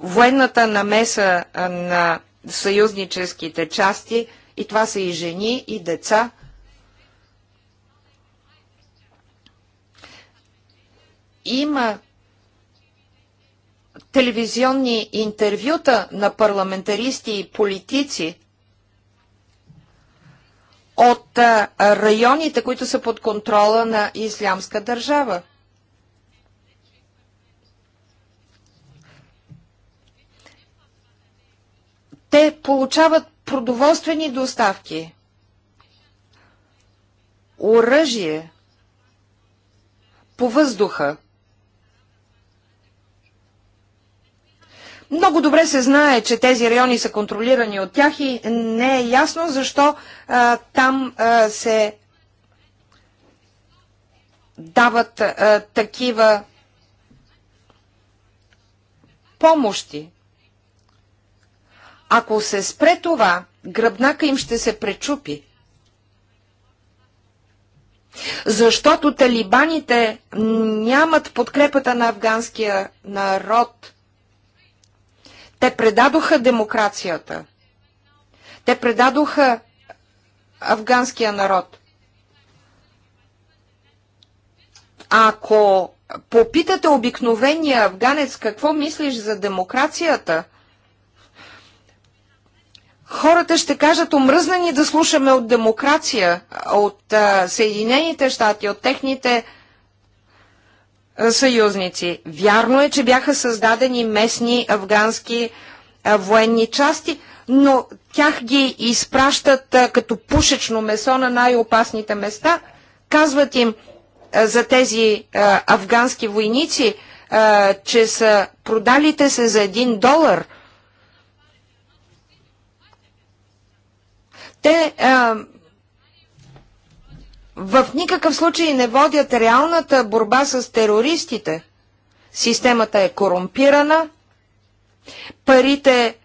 военната намеса на съюзническите части, и това са и жени, и деца. Има телевизионни интервюта на парламентаристи и политици, от районите, които са под контрола на Ислямска държава. Те получават продоволствени доставки, оръжие по въздуха – Много добре се знае, че тези райони са контролирани от тях и не е ясно защо а, там а, се дават а, такива помощи. Ако се спре това, гръбнака им ще се пречупи. Защото талибаните нямат подкрепата на афганския народ – те предадоха демокрацията. Те предадоха афганския народ. Ако попитате обикновения афганец какво мислиш за демокрацията, хората ще кажат омръзнани да слушаме от демокрация, от Съединените щати, от техните е, съюзници. Вярно е, че бяха създадени местни афгански е, военни части, но тях ги изпращат е, като пушечно месо на най-опасните места. Казват им за тези афгански войници, че са продалите се за един долар. Те в никакъв случай не водят реалната борба с терористите. Системата е корумпирана, парите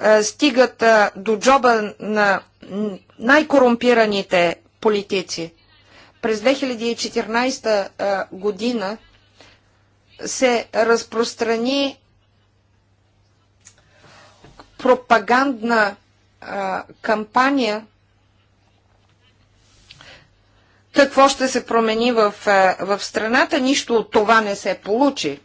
а, е, стигат а, е, до джоба на най-корумпираните политици. През 2014 а, е, година се разпространи пропагандна а, кампания – какво ще се промени в, е, в страната. Нищо от това не се получи.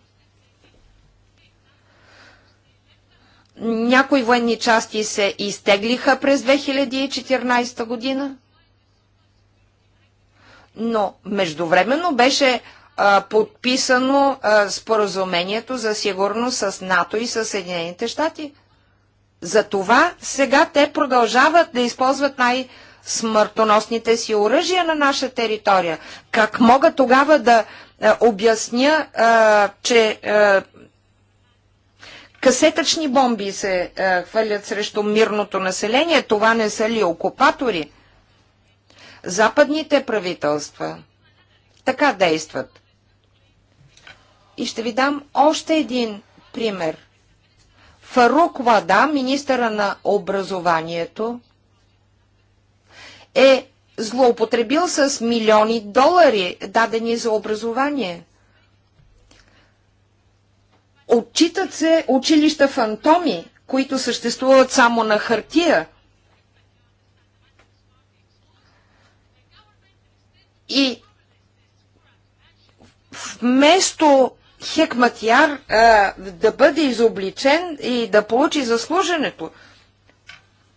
Някои военни части се изтеглиха през 2014 година, но междувременно беше а, е, подписано а, е, споразумението за сигурност с НАТО и с Съединените щати. Затова сега те продължават да използват най- смъртоносните си оръжия на наша територия. Как мога тогава да а, е, обясня, а, е, че а, е, касетъчни бомби се а, хвърлят срещу мирното население? Това не са ли окупатори? Западните правителства така действат. И ще ви дам още един пример. Фарук Вада, министъра на образованието, е злоупотребил с милиони долари, дадени за образование. Отчитат се училища фантоми, които съществуват само на хартия. И вместо Хекматяр да бъде изобличен и да получи заслуженето,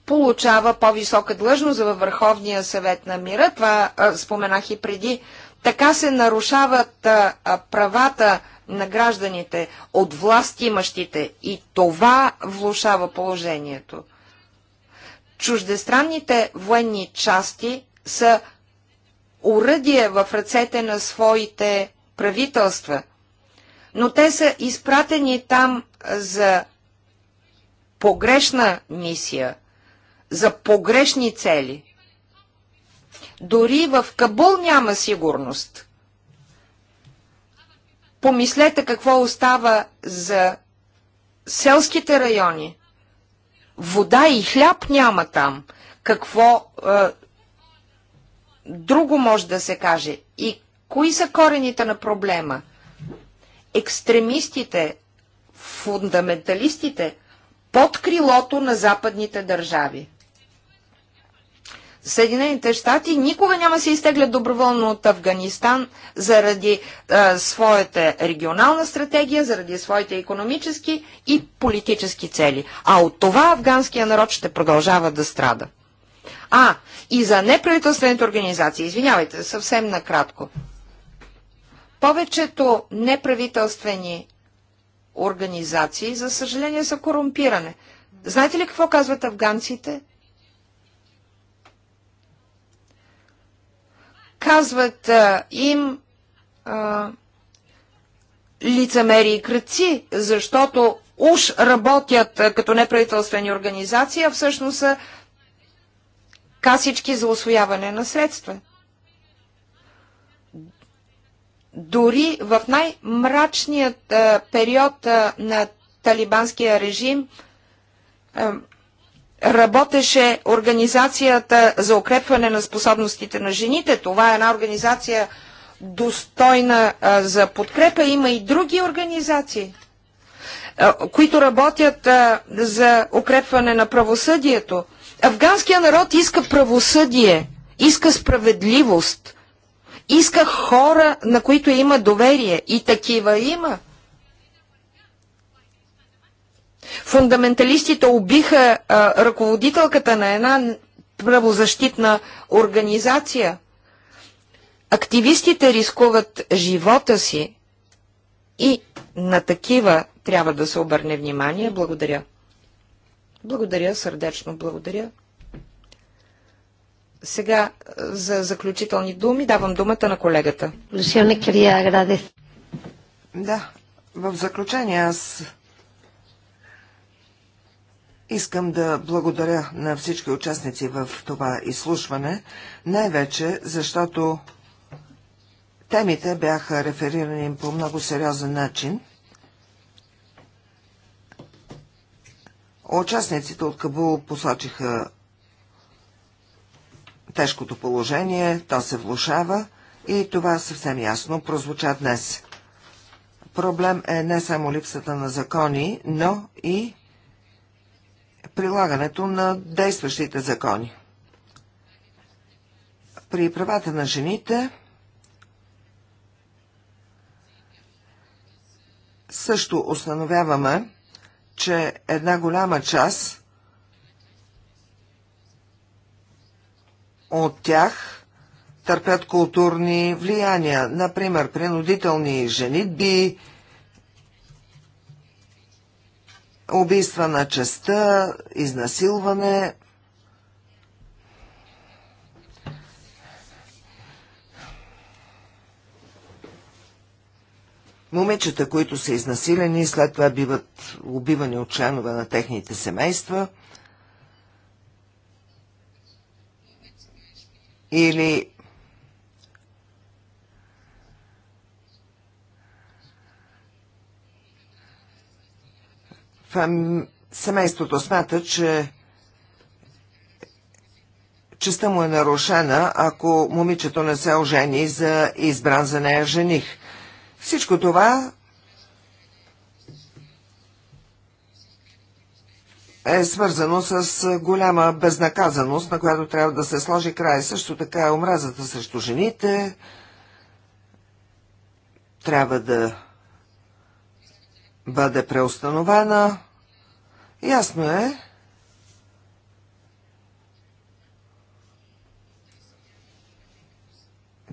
получава по-висока длъжност във Върховния съвет на мира. Това а, споменах и преди. Така се нарушават а, правата на гражданите от власт имащите и това влушава положението. Чуждестранните военни части са уръдие в ръцете на своите правителства, но те са изпратени там за погрешна мисия – за погрешни цели. Дори в Кабул няма сигурност. Помислете какво остава за селските райони. Вода и хляб няма там. Какво е, друго може да се каже? И кои са корените на проблема? Екстремистите, фундаменталистите под крилото на западните държави. Съединените щати никога няма се изтеглят доброволно от Афганистан заради а, своята регионална стратегия, заради своите економически и политически цели. А от това афганския народ ще продължава да страда. А, и за неправителствените организации, извинявайте, съвсем накратко. Повечето неправителствени организации, за съжаление, са корумпиране. Знаете ли какво казват афганците? казват а, им а, лицемери и кръци, защото уж работят а, като неправителствени организации, а всъщност са касички за освояване на средства. Дори в най-мрачният период а, на талибанския режим а, работеше Организацията за укрепване на способностите на жените. Това е една организация достойна за подкрепа. Има и други организации, които работят за укрепване на правосъдието. Афганския народ иска правосъдие, иска справедливост, иска хора, на които има доверие. И такива има. Фундаменталистите убиха а, ръководителката на една правозащитна организация. Активистите рискуват живота си и на такива трябва да се обърне внимание. Благодаря. Благодаря, сърдечно благодаря. Сега за заключителни думи давам думата на колегата. Да, в заключение аз Искам да благодаря на всички участници в това изслушване, най-вече защото темите бяха реферирани по много сериозен начин. Участниците от Кабул посочиха тежкото положение, то се влушава и това съвсем ясно прозвуча днес. Проблем е не само липсата на закони, но и прилагането на действащите закони. При правата на жените също установяваме, че една голяма част от тях търпят културни влияния, например принудителни женитби, убийства на честа, изнасилване. Момичета, които са изнасилени, след това биват убивани от членове на техните семейства. Или Фем... Семейството смята, че честа му е нарушена, ако момичето не се ожени за избран за нея жених. Всичко това е свързано с голяма безнаказаност, на която трябва да се сложи край. Също така е омразата срещу жените. Трябва да бъде преустановена. Ясно е,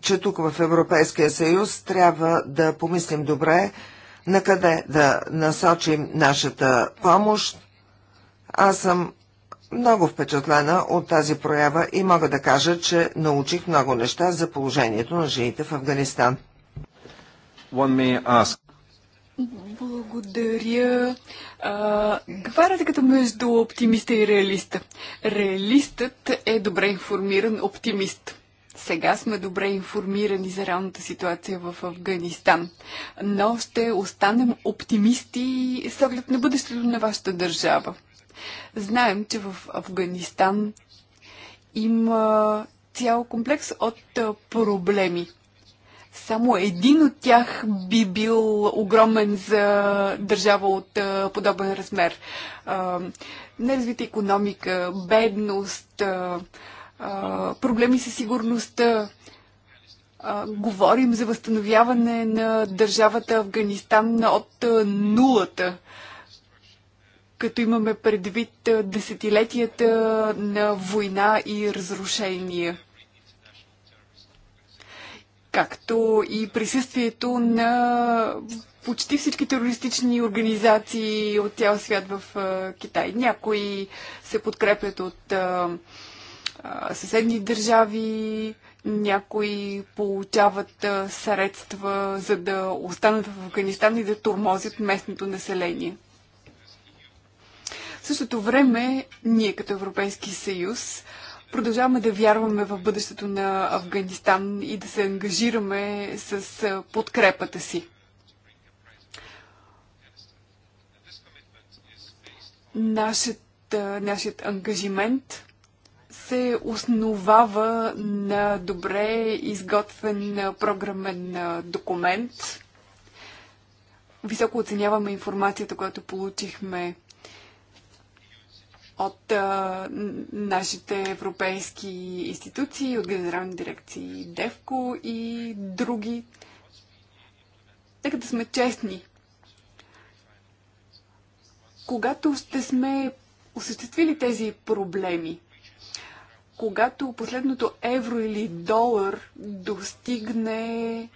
че тук в Европейския съюз трябва да помислим добре на къде да насочим нашата помощ. Аз съм много впечатлена от тази проява и мога да кажа, че научих много неща за положението на жените в Афганистан. One may ask. Благодаря. А, каква е разликата между оптимиста и реалиста? Реалистът е добре информиран оптимист. Сега сме добре информирани за реалната ситуация в Афганистан, но ще останем оптимисти с оглед на бъдещето на вашата държава. Знаем, че в Афганистан има цял комплекс от проблеми. Само един от тях би бил огромен за държава от подобен размер. Неразвита економика, бедност, проблеми със сигурността. Говорим за възстановяване на държавата Афганистан от нулата като имаме предвид десетилетията на война и разрушения както и присъствието на почти всички терористични организации от цял свят в Китай. Някои се подкрепят от съседни държави, някои получават средства, за да останат в Афганистан и да турмозят местното население. В същото време, ние като Европейски съюз, продължаваме да вярваме в бъдещето на Афганистан и да се ангажираме с подкрепата си. Нашият, нашият ангажимент се основава на добре изготвен програмен документ. Високо оценяваме информацията, която получихме от а, нашите европейски институции, от генерални дирекции ДЕВКО и други. Нека да сме честни. Когато ще сме осъществили тези проблеми, когато последното евро или долар достигне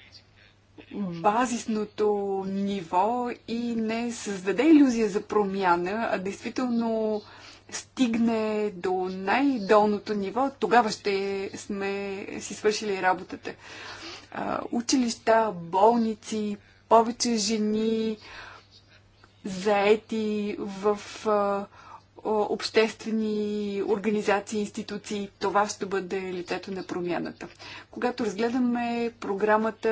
базисното ниво и не създаде иллюзия за промяна, а действително стигне до най-долното ниво, тогава ще сме си свършили работата. Училища, болници, повече жени, заети в обществени организации, институции. Това ще бъде лицето на промяната. Когато разгледаме програмата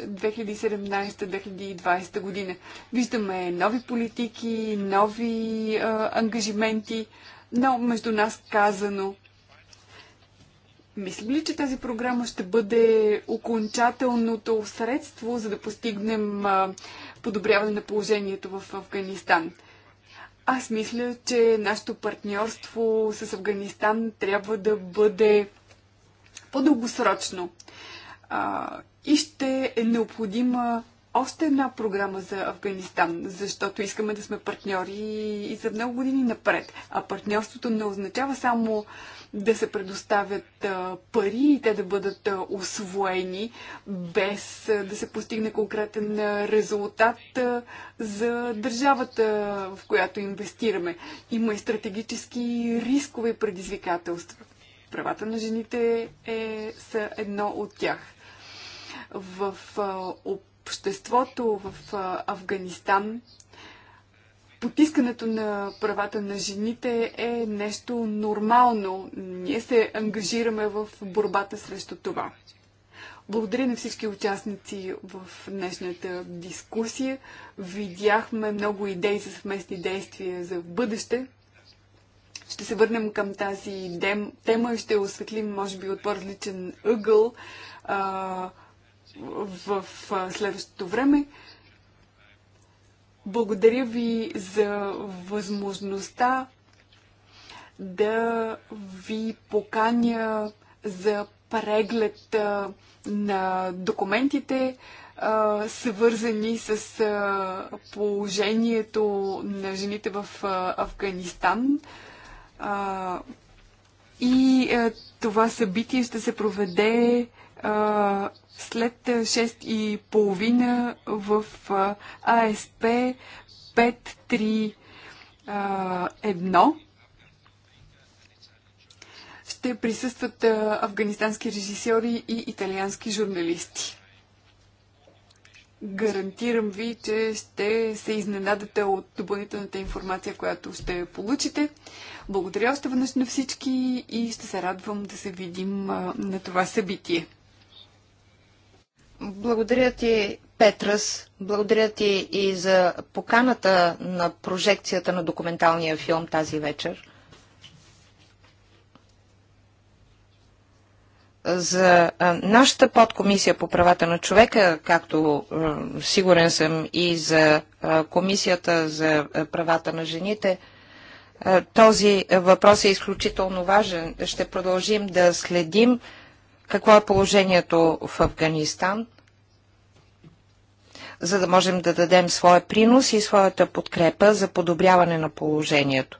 2017-2020 година, виждаме нови политики, нови а, ангажименти, но между нас казано, мислим ли, че тази програма ще бъде окончателното средство, за да постигнем а, подобряване на положението в Афганистан? Аз мисля, че нашето партньорство с Афганистан трябва да бъде по-дългосрочно. и ще е необходима още една програма за Афганистан, защото искаме да сме партньори и за много години напред. А партньорството не означава само да се предоставят пари и те да бъдат освоени, без да се постигне конкретен резултат за държавата, в която инвестираме. Има и стратегически рискове и предизвикателства. Правата на жените е, са едно от тях. В обществото в Афганистан, потискането на правата на жените е нещо нормално. Ние се ангажираме в борбата срещу това. Благодаря на всички участници в днешната дискусия. Видяхме много идеи за съвместни действия за бъдеще. Ще се върнем към тази тема и ще осветлим, може би, от по-различен ъгъл в следващото време. Благодаря ви за възможността да ви поканя за преглед на документите, свързани с положението на жените в Афганистан. И това събитие ще се проведе а, след 6 и половина в а, АСП 531 ще присъстват а, афганистански режисьори и италиански журналисти. Гарантирам ви, че ще се изненадате от допълнителната информация, която ще получите. Благодаря още веднъж на всички и ще се радвам да се видим на това събитие. Благодаря ти, Петрас. Благодаря ти и за поканата на прожекцията на документалния филм тази вечер. За нашата подкомисия по правата на човека, както сигурен съм и за комисията за правата на жените, този въпрос е изключително важен. Ще продължим да следим какво е положението в Афганистан, за да можем да дадем своя принос и своята подкрепа за подобряване на положението.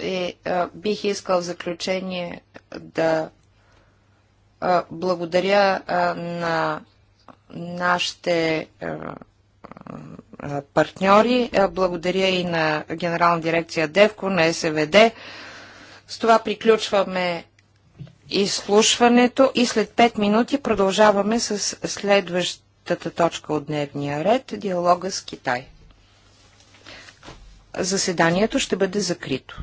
И, а, бих искал в заключение да а, благодаря а, на нашите а, партньори. Благодаря и на Генерална дирекция ДЕВКО, на СВД. С това приключваме изслушването и след 5 минути продължаваме с следващата точка от дневния ред – диалога с Китай. Заседанието ще бъде закрито.